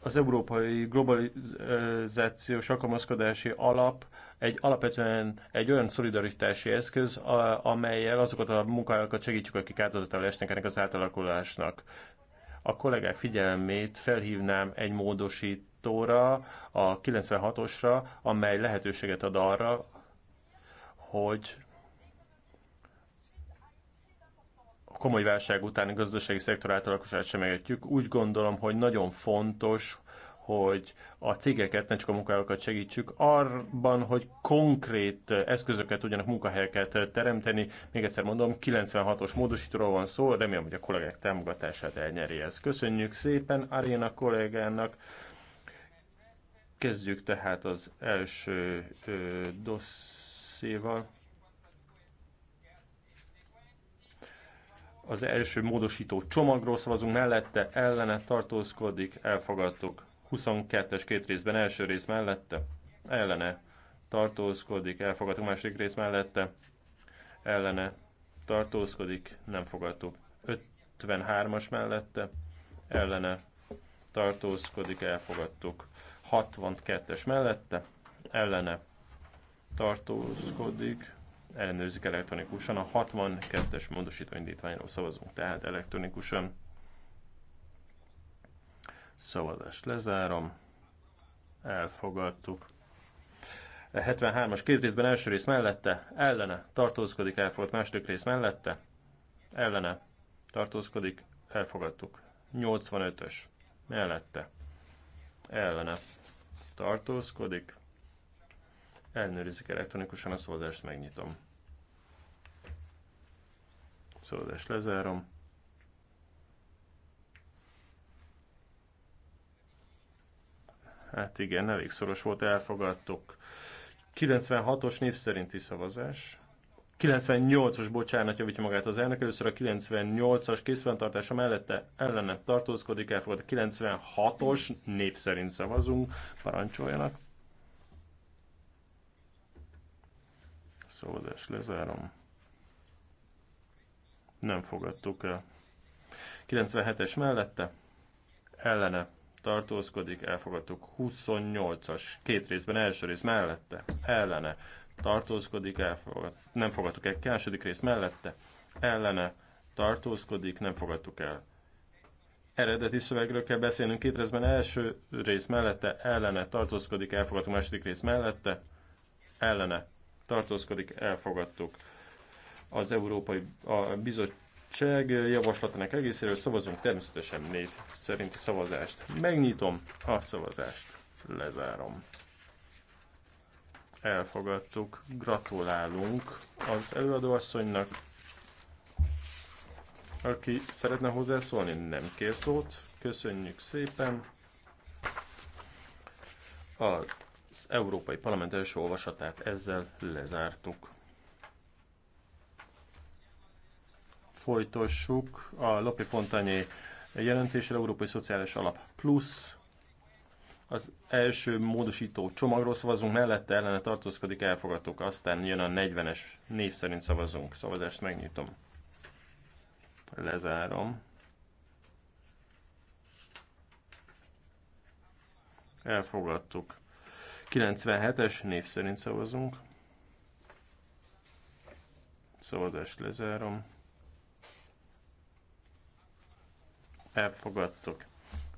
Speaker 5: az európai globalizációs alkalmazkodási alap egy alapvetően egy olyan szolidaritási eszköz, amelyel azokat a munkahelyeket segítjük, akik áldozatával esnek ennek az átalakulásnak. A kollégák figyelmét felhívnám egy módosítóra, a 96-osra, amely lehetőséget ad arra, hogy a komoly válság után a gazdasági szektor átalakulását sem értjük. Úgy gondolom, hogy nagyon fontos, hogy a cégeket, ne csak a munkahelyeket segítsük, arban, hogy konkrét eszközöket tudjanak munkahelyeket teremteni. Még egyszer mondom, 96-os módosítóról van szó, remélem, hogy a kollégák támogatását elnyeri ez. Köszönjük szépen Aréna kollégának. Kezdjük tehát az első dossz Xéval. Az első módosító csomagról szavazunk, mellette ellene tartózkodik, elfogadtuk. 22-es két részben, első rész mellette, ellene tartózkodik, elfogadtuk, másik rész mellette, ellene tartózkodik, nem fogadtuk. 53-as mellette, ellene tartózkodik, elfogadtuk. 62-es mellette, ellene tartózkodik, ellenőrzik elektronikusan. A 62-es módosító indítványról szavazunk, tehát elektronikusan. Szavazást lezárom. Elfogadtuk. 73-as két részben első rész mellette, ellene, tartózkodik, elfogadt második rész mellette, ellene, tartózkodik, elfogadtuk. 85-ös mellette, ellene, tartózkodik, ellenőrizik elektronikusan a szavazást, megnyitom. Szavazást lezárom. Hát igen, elég szoros volt, elfogadtuk. 96-os név szerinti szavazás. 98-os, bocsánat, javítja magát az elnök. Először a 98-as készfenntartása mellette ellene tartózkodik, elfogad a 96-os, név szerint szavazunk, parancsoljanak. szavazás lezárom. Nem fogadtuk el. 97-es mellette, ellene tartózkodik, elfogadtuk 28-as, két részben, első rész mellette, ellene tartózkodik, elfogad, nem fogadtuk el, második rész mellette, ellene tartózkodik, nem fogadtuk el. Eredeti szövegről kell beszélnünk, két részben, első rész mellette, ellene tartózkodik, elfogadtuk, második rész mellette, ellene tartózkodik, elfogadtuk. Az Európai a Bizottság javaslatának egészéről szavazunk természetesen szerint szerinti szavazást. Megnyitom a szavazást, lezárom. Elfogadtuk, gratulálunk az előadóasszonynak, aki szeretne hozzászólni, nem kér szót. Köszönjük szépen. A az Európai Parlament első olvasatát ezzel lezártuk. Folytassuk a Lopi Fontanyé jelentésre Európai Szociális Alap Plusz. Az első módosító csomagról szavazunk, mellette ellene tartózkodik, elfogadtuk, aztán jön a 40-es név szerint szavazunk. Szavazást megnyitom. Lezárom. elfogadtuk. 97-es név szerint szavazunk. Szavazást lezárom. Elfogadtok.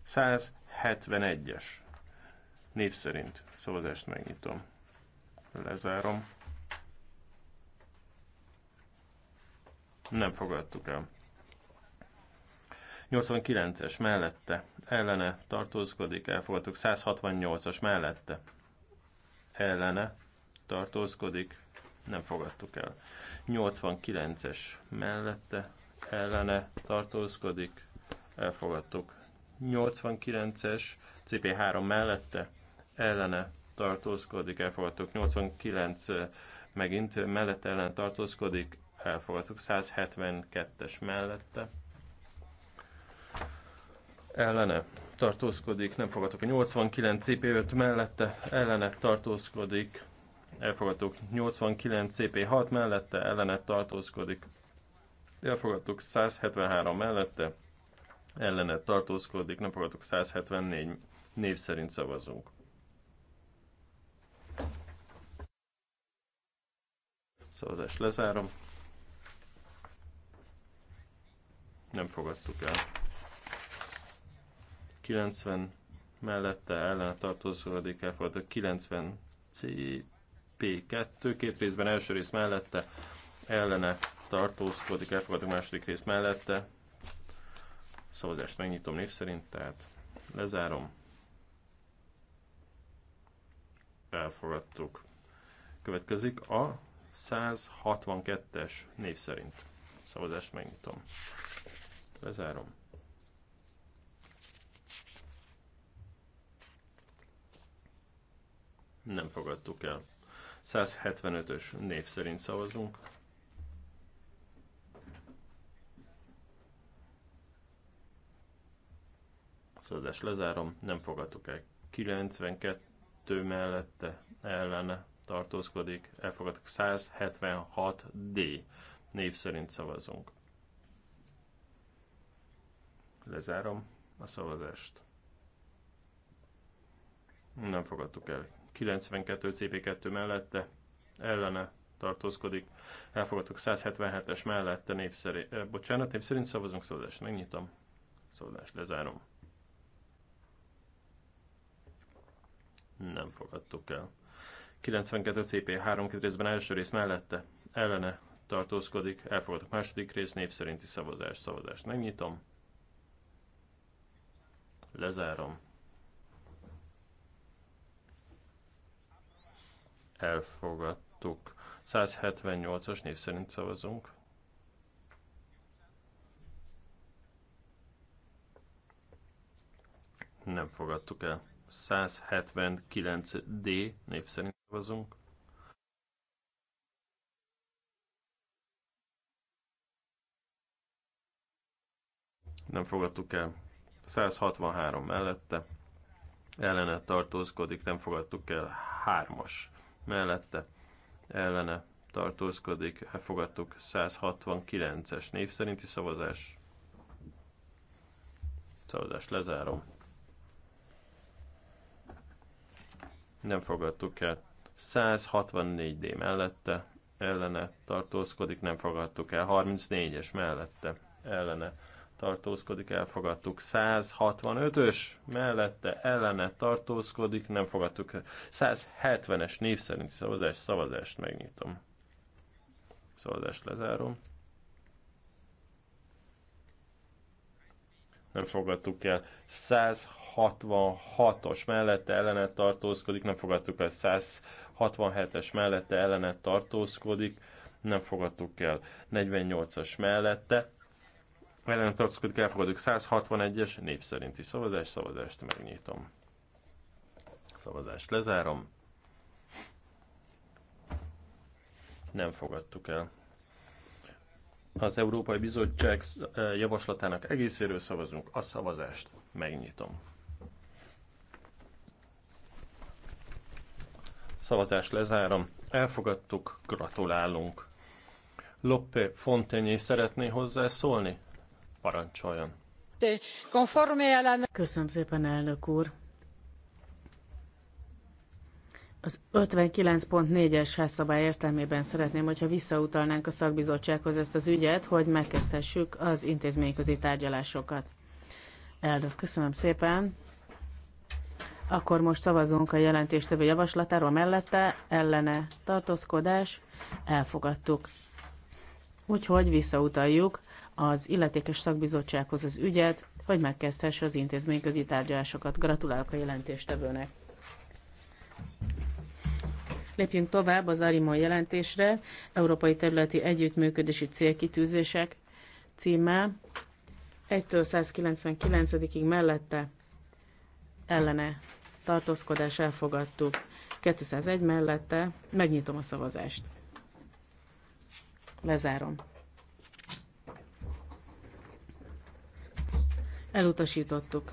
Speaker 5: 171-es név szerint szavazást megnyitom. Lezárom. Nem fogadtuk el. 89-es mellette, ellene tartózkodik, elfogadtuk 168-as mellette, ellene tartózkodik, nem fogadtuk el. 89-es mellette ellene tartózkodik, elfogadtuk. 89-es CP3 mellette ellene tartózkodik, elfogadtuk. 89 eh, megint mellette ellene tartózkodik, elfogadtuk. 172-es mellette ellene tartózkodik, nem fogadtok A 89 CP5 mellette ellenet tartózkodik, elfogadtok 89 CP6 mellette ellenet tartózkodik, elfogadtok 173 mellette Ellenet tartózkodik, nem fogadtok 174 név szerint szavazunk. Szavazás lezárom. Nem fogadtuk el. 90 mellette ellene tartózkodik, elfogadtuk 90 CP2, két részben első rész mellette ellene tartózkodik, elfogadtuk második rész mellette. Szavazást megnyitom név szerint, tehát lezárom. Elfogadtuk. Következik a 162-es név szerint. Szavazást megnyitom. Lezárom. nem fogadtuk el. 175-ös név szerint szavazunk. Szavazás lezárom, nem fogadtuk el. 92 mellette ellene tartózkodik, elfogadtuk 176D név szerint szavazunk. Lezárom a szavazást. Nem fogadtuk el. 92 CP2 mellette ellene tartózkodik. Elfogadtuk 177-es mellette név szerint, eh, bocsánat, név szerint szavazunk szavazást. Megnyitom. Szavazást lezárom. Nem fogadtuk el. 92 CP3 részben első rész mellette ellene tartózkodik. Elfogadtuk második rész név szerinti szavazás. Szavazást megnyitom. Lezárom. elfogadtuk. 178-as név szerint szavazunk. Nem fogadtuk el. 179D név szerint szavazunk. Nem fogadtuk el. 163 mellette. Ellene tartózkodik, nem fogadtuk el. 3-as mellette ellene tartózkodik, elfogadtuk 169-es név szerinti szavazás. Szavazás lezárom. Nem fogadtuk el. 164D mellette, ellene tartózkodik, nem fogadtuk el. 34-es mellette, ellene tartózkodik, elfogadtuk. 165-ös mellette ellene tartózkodik, nem fogadtuk. 170-es név szerint szavazás, szavazást megnyitom. Szavazást lezárom. Nem fogadtuk el. 166-os mellette ellene tartózkodik, nem fogadtuk el. 167-es mellette ellene tartózkodik, nem fogadtuk el. 48-as mellette ellen tartózkodik, elfogadjuk 161-es név szerinti szavazás, szavazást megnyitom. Szavazást lezárom. Nem fogadtuk el. Az Európai Bizottság eh, javaslatának egészéről szavazunk. A szavazást megnyitom. Szavazást lezárom. Elfogadtuk, gratulálunk. Loppe Fontenyé szeretné hozzászólni? Parancsoljon.
Speaker 2: Köszönöm szépen, elnök úr. Az 59.4-es házszabály értelmében szeretném, hogyha visszautalnánk a szakbizottsághoz ezt az ügyet, hogy megkezdhessük az intézményközi tárgyalásokat. Elnök, köszönöm szépen. Akkor most szavazunk a jelentéstevő javaslatáról mellette, ellene tartózkodás, elfogadtuk. Úgyhogy visszautaljuk az illetékes szakbizottsághoz az ügyet, hogy megkezdhesse az intézményközi tárgyalásokat. Gratulálok a jelentéstevőnek. Lépjünk tovább az Arima jelentésre, Európai Területi Együttműködési Célkitűzések címe. 1-től 199-ig mellette ellene tartózkodás elfogadtuk, 201 mellette megnyitom a szavazást. Lezárom. Elutasítottuk.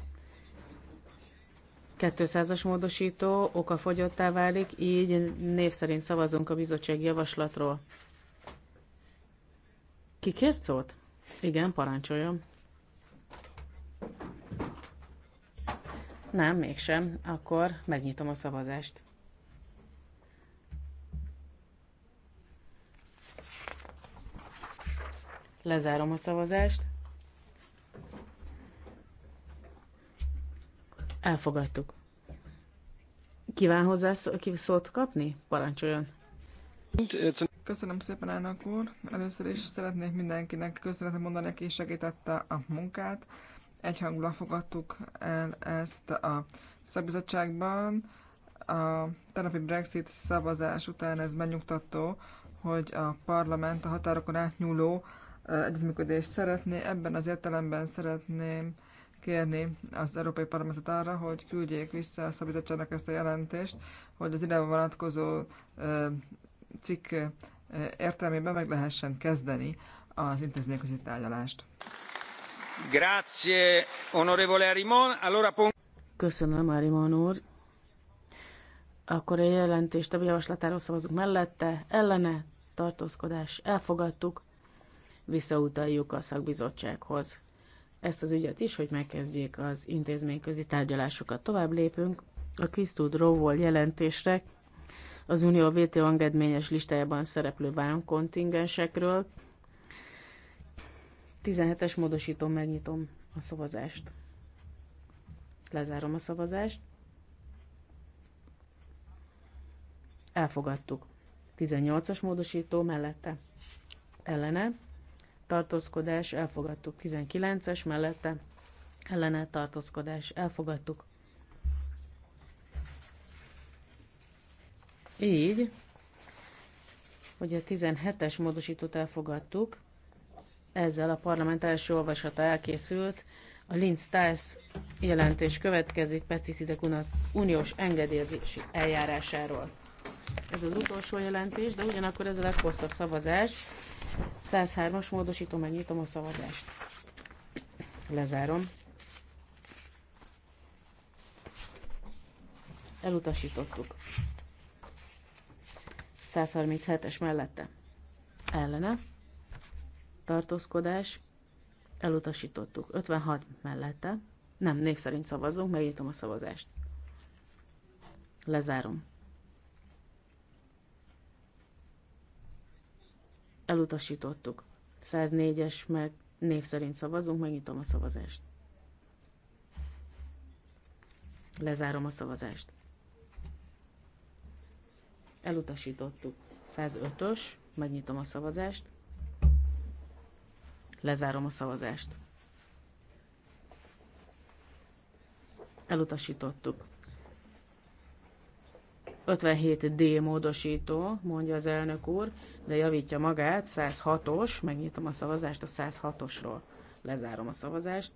Speaker 2: 200-as módosító okafogyottá válik, így név szerint szavazunk a bizottság javaslatról. Ki kért szót? Igen, parancsoljon. Nem, mégsem. Akkor megnyitom a szavazást. Lezárom a szavazást. Elfogadtuk. Kíván hozzá szólt kapni? Parancsoljon.
Speaker 4: Köszönöm szépen, elnök úr. Először is szeretnék mindenkinek köszönetet mondani, aki segítette a munkát. Egyhangulag fogadtuk el ezt a szabizottságban. A tegnapi Brexit szavazás után ez megnyugtató, hogy a parlament a határokon átnyúló együttműködést szeretné. Ebben az értelemben szeretném kérni az Európai Parlamentet arra, hogy küldjék vissza a szabadítsanak ezt a jelentést, hogy az ide vonatkozó cikk értelmében meg lehessen kezdeni az intézményközi tárgyalást.
Speaker 3: Grazie, onorevole Arimon. Allora, pon-
Speaker 2: Köszönöm, Arimon úr. Akkor a jelentést a javaslatáról szavazunk mellette, ellene, tartózkodás, elfogadtuk, visszautaljuk a szakbizottsághoz ezt az ügyet is, hogy megkezdjék az intézményközi tárgyalásokat. Tovább lépünk a Kisztúd Róvol jelentésre, az Unió VTO engedményes listájában szereplő vámkontingensekről. 17-es módosítom, megnyitom a szavazást. Lezárom a szavazást. Elfogadtuk. 18-as módosító mellette. Ellene tartózkodás elfogadtuk. 19-es mellette ellene tartózkodás elfogadtuk. Így, hogy a 17-es módosítót elfogadtuk, ezzel a parlament első olvasata elkészült, a Linz Stiles jelentés következik Pesticidek uniós engedélyezési eljárásáról. Ez az utolsó jelentés, de ugyanakkor ez a leghosszabb szavazás, 103-as módosítom, megnyitom a szavazást. Lezárom. Elutasítottuk. 137-es mellette. Ellene. Tartózkodás. Elutasítottuk. 56 mellette. Nem, név szerint szavazunk, megnyitom a szavazást. Lezárom. elutasítottuk. 104-es meg név szerint szavazunk, megnyitom a szavazást. Lezárom a szavazást. Elutasítottuk. 105-ös, megnyitom a szavazást. Lezárom a szavazást. Elutasítottuk. 57 D módosító, mondja az elnök úr, de javítja magát, 106-os, megnyitom a szavazást a 106-osról. Lezárom a szavazást.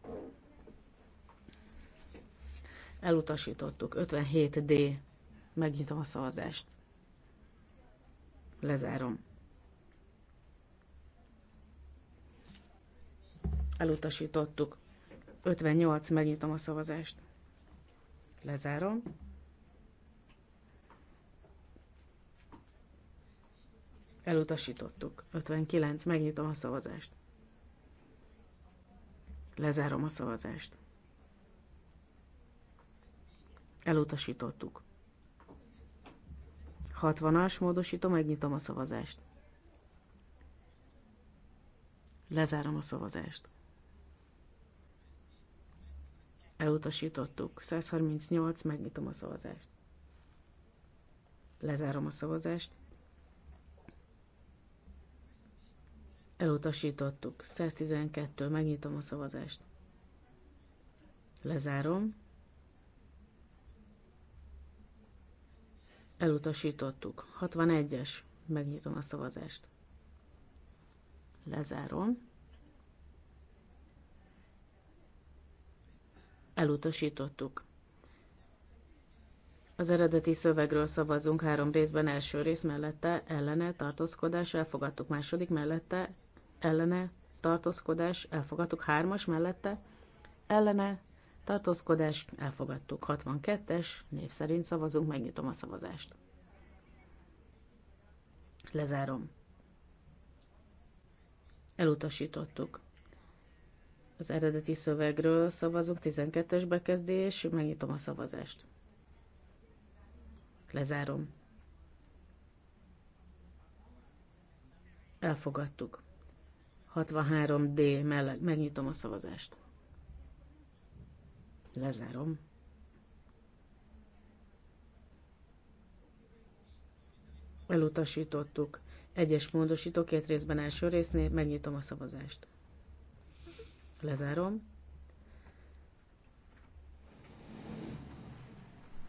Speaker 2: Elutasítottuk. 57 D. Megnyitom a szavazást. Lezárom. Elutasítottuk. 58. Megnyitom a szavazást. Lezárom. Elutasítottuk. 59. Megnyitom a szavazást. Lezárom a szavazást. Elutasítottuk. 60-as módosító, megnyitom a szavazást. Lezárom a szavazást. Elutasítottuk. 138, megnyitom a szavazást. Lezárom a szavazást. Elutasítottuk. 112. Megnyitom a szavazást. Lezárom. Elutasítottuk. 61-es. Megnyitom a szavazást. Lezárom. Elutasítottuk. Az eredeti szövegről szavazunk három részben első rész mellette, ellene, tartózkodás, elfogadtuk második mellette, ellene tartózkodás elfogadtuk, hármas mellette ellene tartózkodás elfogadtuk, 62-es név szerint szavazunk, megnyitom a szavazást. Lezárom. Elutasítottuk. Az eredeti szövegről szavazunk, 12-es bekezdés, megnyitom a szavazást. Lezárom. Elfogadtuk. 63D mellett megnyitom a szavazást. Lezárom. Elutasítottuk. Egyes módosító két részben első résznél megnyitom a szavazást. Lezárom.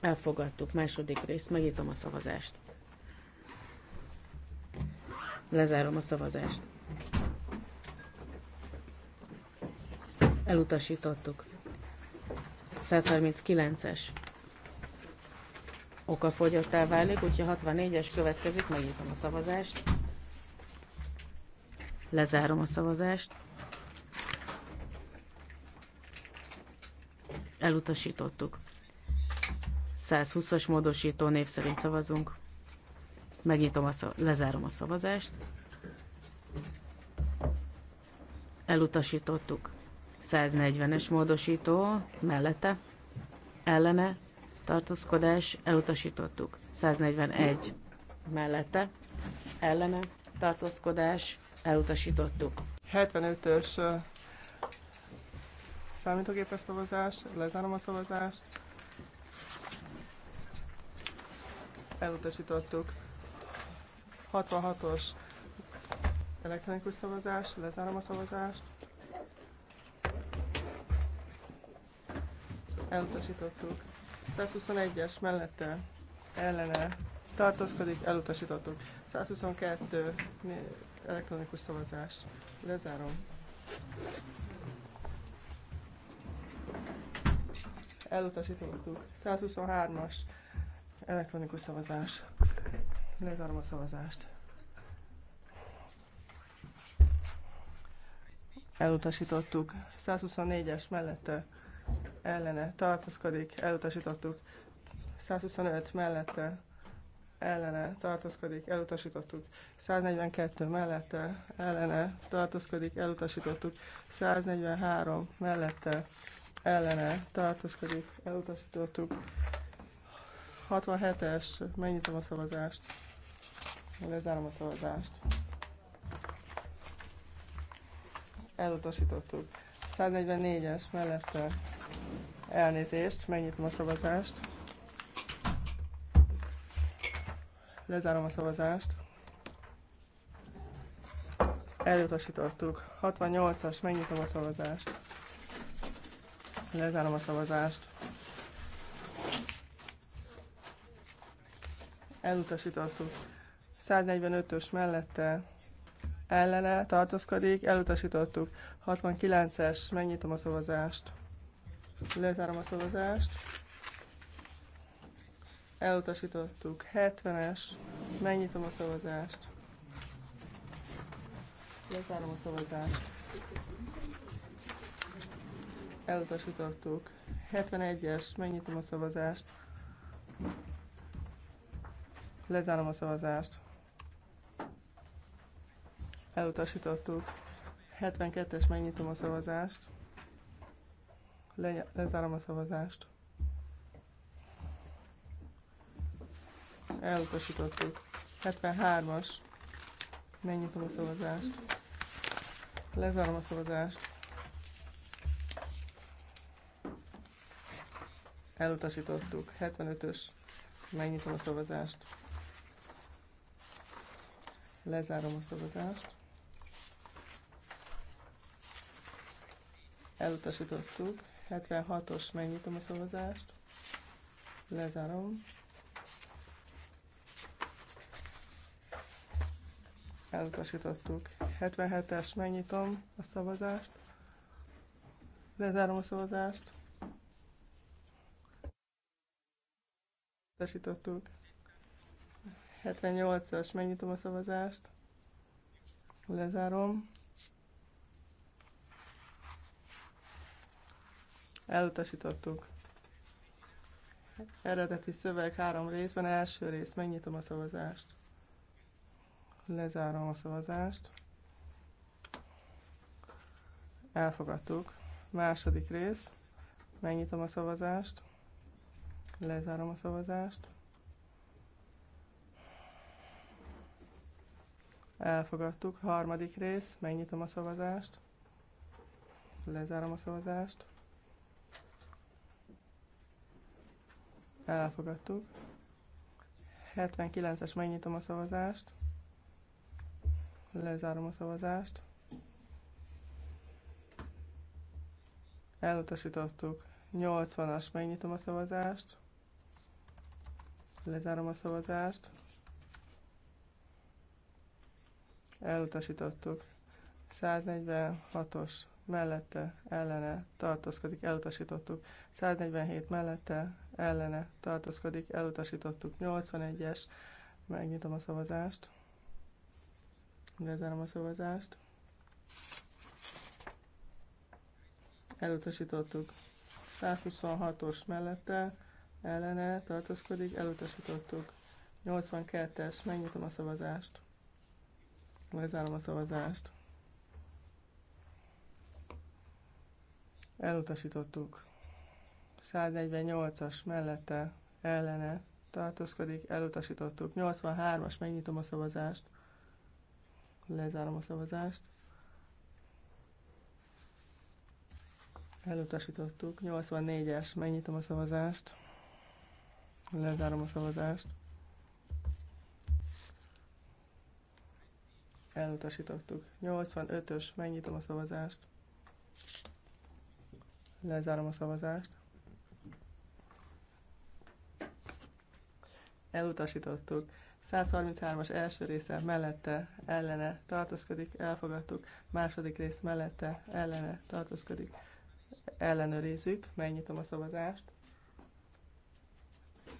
Speaker 2: Elfogadtuk. Második rész. Megnyitom a szavazást. Lezárom a szavazást elutasítottuk. 139-es okafogyottá válik, úgyhogy 64-es következik, megnyitom a szavazást. Lezárom a szavazást. Elutasítottuk. 120-as módosító név szerint szavazunk. Megnyitom a szav- lezárom a szavazást. Elutasítottuk. 140-es módosító mellette ellene tartózkodás elutasítottuk. 141 mellette ellene tartózkodás elutasítottuk. 75-ös
Speaker 6: számítógépes szavazás, lezárom a szavazást. Elutasítottuk. 66-os elektronikus szavazás, lezárom a szavazást. elutasítottuk. 121-es mellette ellene tartózkodik, elutasítottuk. 122 elektronikus szavazás. Lezárom. Elutasítottuk. 123-as elektronikus szavazás. Lezárom a szavazást. Elutasítottuk. 124-es mellette ellene tartózkodik, elutasítottuk. 125 mellette ellene tartózkodik, elutasítottuk. 142 mellette ellene tartózkodik, elutasítottuk. 143 mellette ellene tartózkodik, elutasítottuk. 67-es, megnyitom a szavazást. Lezárom a szavazást. Elutasítottuk. 144-es mellette elnézést, mennyit a szavazást. Lezárom a szavazást. Elutasítottuk. 68-as, megnyitom a szavazást. Lezárom a szavazást. Elutasítottuk. 145-ös mellette ellene tartózkodik, elutasítottuk. 69-es, megnyitom a szavazást. Lezárom a szavazást. Elutasítottuk. 70-es, megnyitom a szavazást. Lezárom a szavazást. Elutasítottuk. 71-es, megnyitom a szavazást. Lezárom a szavazást. Elutasítottuk. 72-es, megnyitom a szavazást. Le, lezárom a szavazást. Elutasítottuk. 73-as. Megnyitom a szavazást. Lezárom a szavazást. Elutasítottuk. 75-ös. Megnyitom a szavazást. Lezárom a szavazást. elutasítottuk. 76-os, megnyitom a szavazást, lezárom. Elutasítottuk. 77-es, megnyitom a szavazást, lezárom a szavazást. Elutasítottuk. 78-as, megnyitom a szavazást, lezárom. elutasítottuk. Eredeti szöveg három részben, első rész, megnyitom a szavazást. Lezárom a szavazást. Elfogadtuk. Második rész, megnyitom a szavazást. Lezárom a szavazást. Elfogadtuk. Harmadik rész, megnyitom a szavazást. Lezárom a szavazást. Elfogadtuk. 79-es, megnyitom a szavazást. Lezárom a szavazást. Elutasítottuk. 80-as, megnyitom a szavazást. Lezárom a szavazást. Elutasítottuk. 146-os mellette, ellene tartózkodik, elutasítottuk. 147 mellette, ellene tartózkodik, elutasítottuk 81-es, megnyitom a szavazást, lezárom a szavazást, elutasítottuk 126-os mellette, ellene tartózkodik, elutasítottuk 82-es, megnyitom a szavazást, lezárom a szavazást, elutasítottuk 148-as mellette ellene tartózkodik, elutasítottuk. 83-as, megnyitom a szavazást, lezárom a szavazást. Elutasítottuk. 84-es, megnyitom a szavazást, lezárom a szavazást. Elutasítottuk. 85-ös, megnyitom a szavazást. Lezárom a szavazást. elutasítottuk. 133-as első része mellette ellene tartózkodik, elfogadtuk. Második rész mellette ellene tartózkodik, ellenőrizzük, megnyitom a szavazást.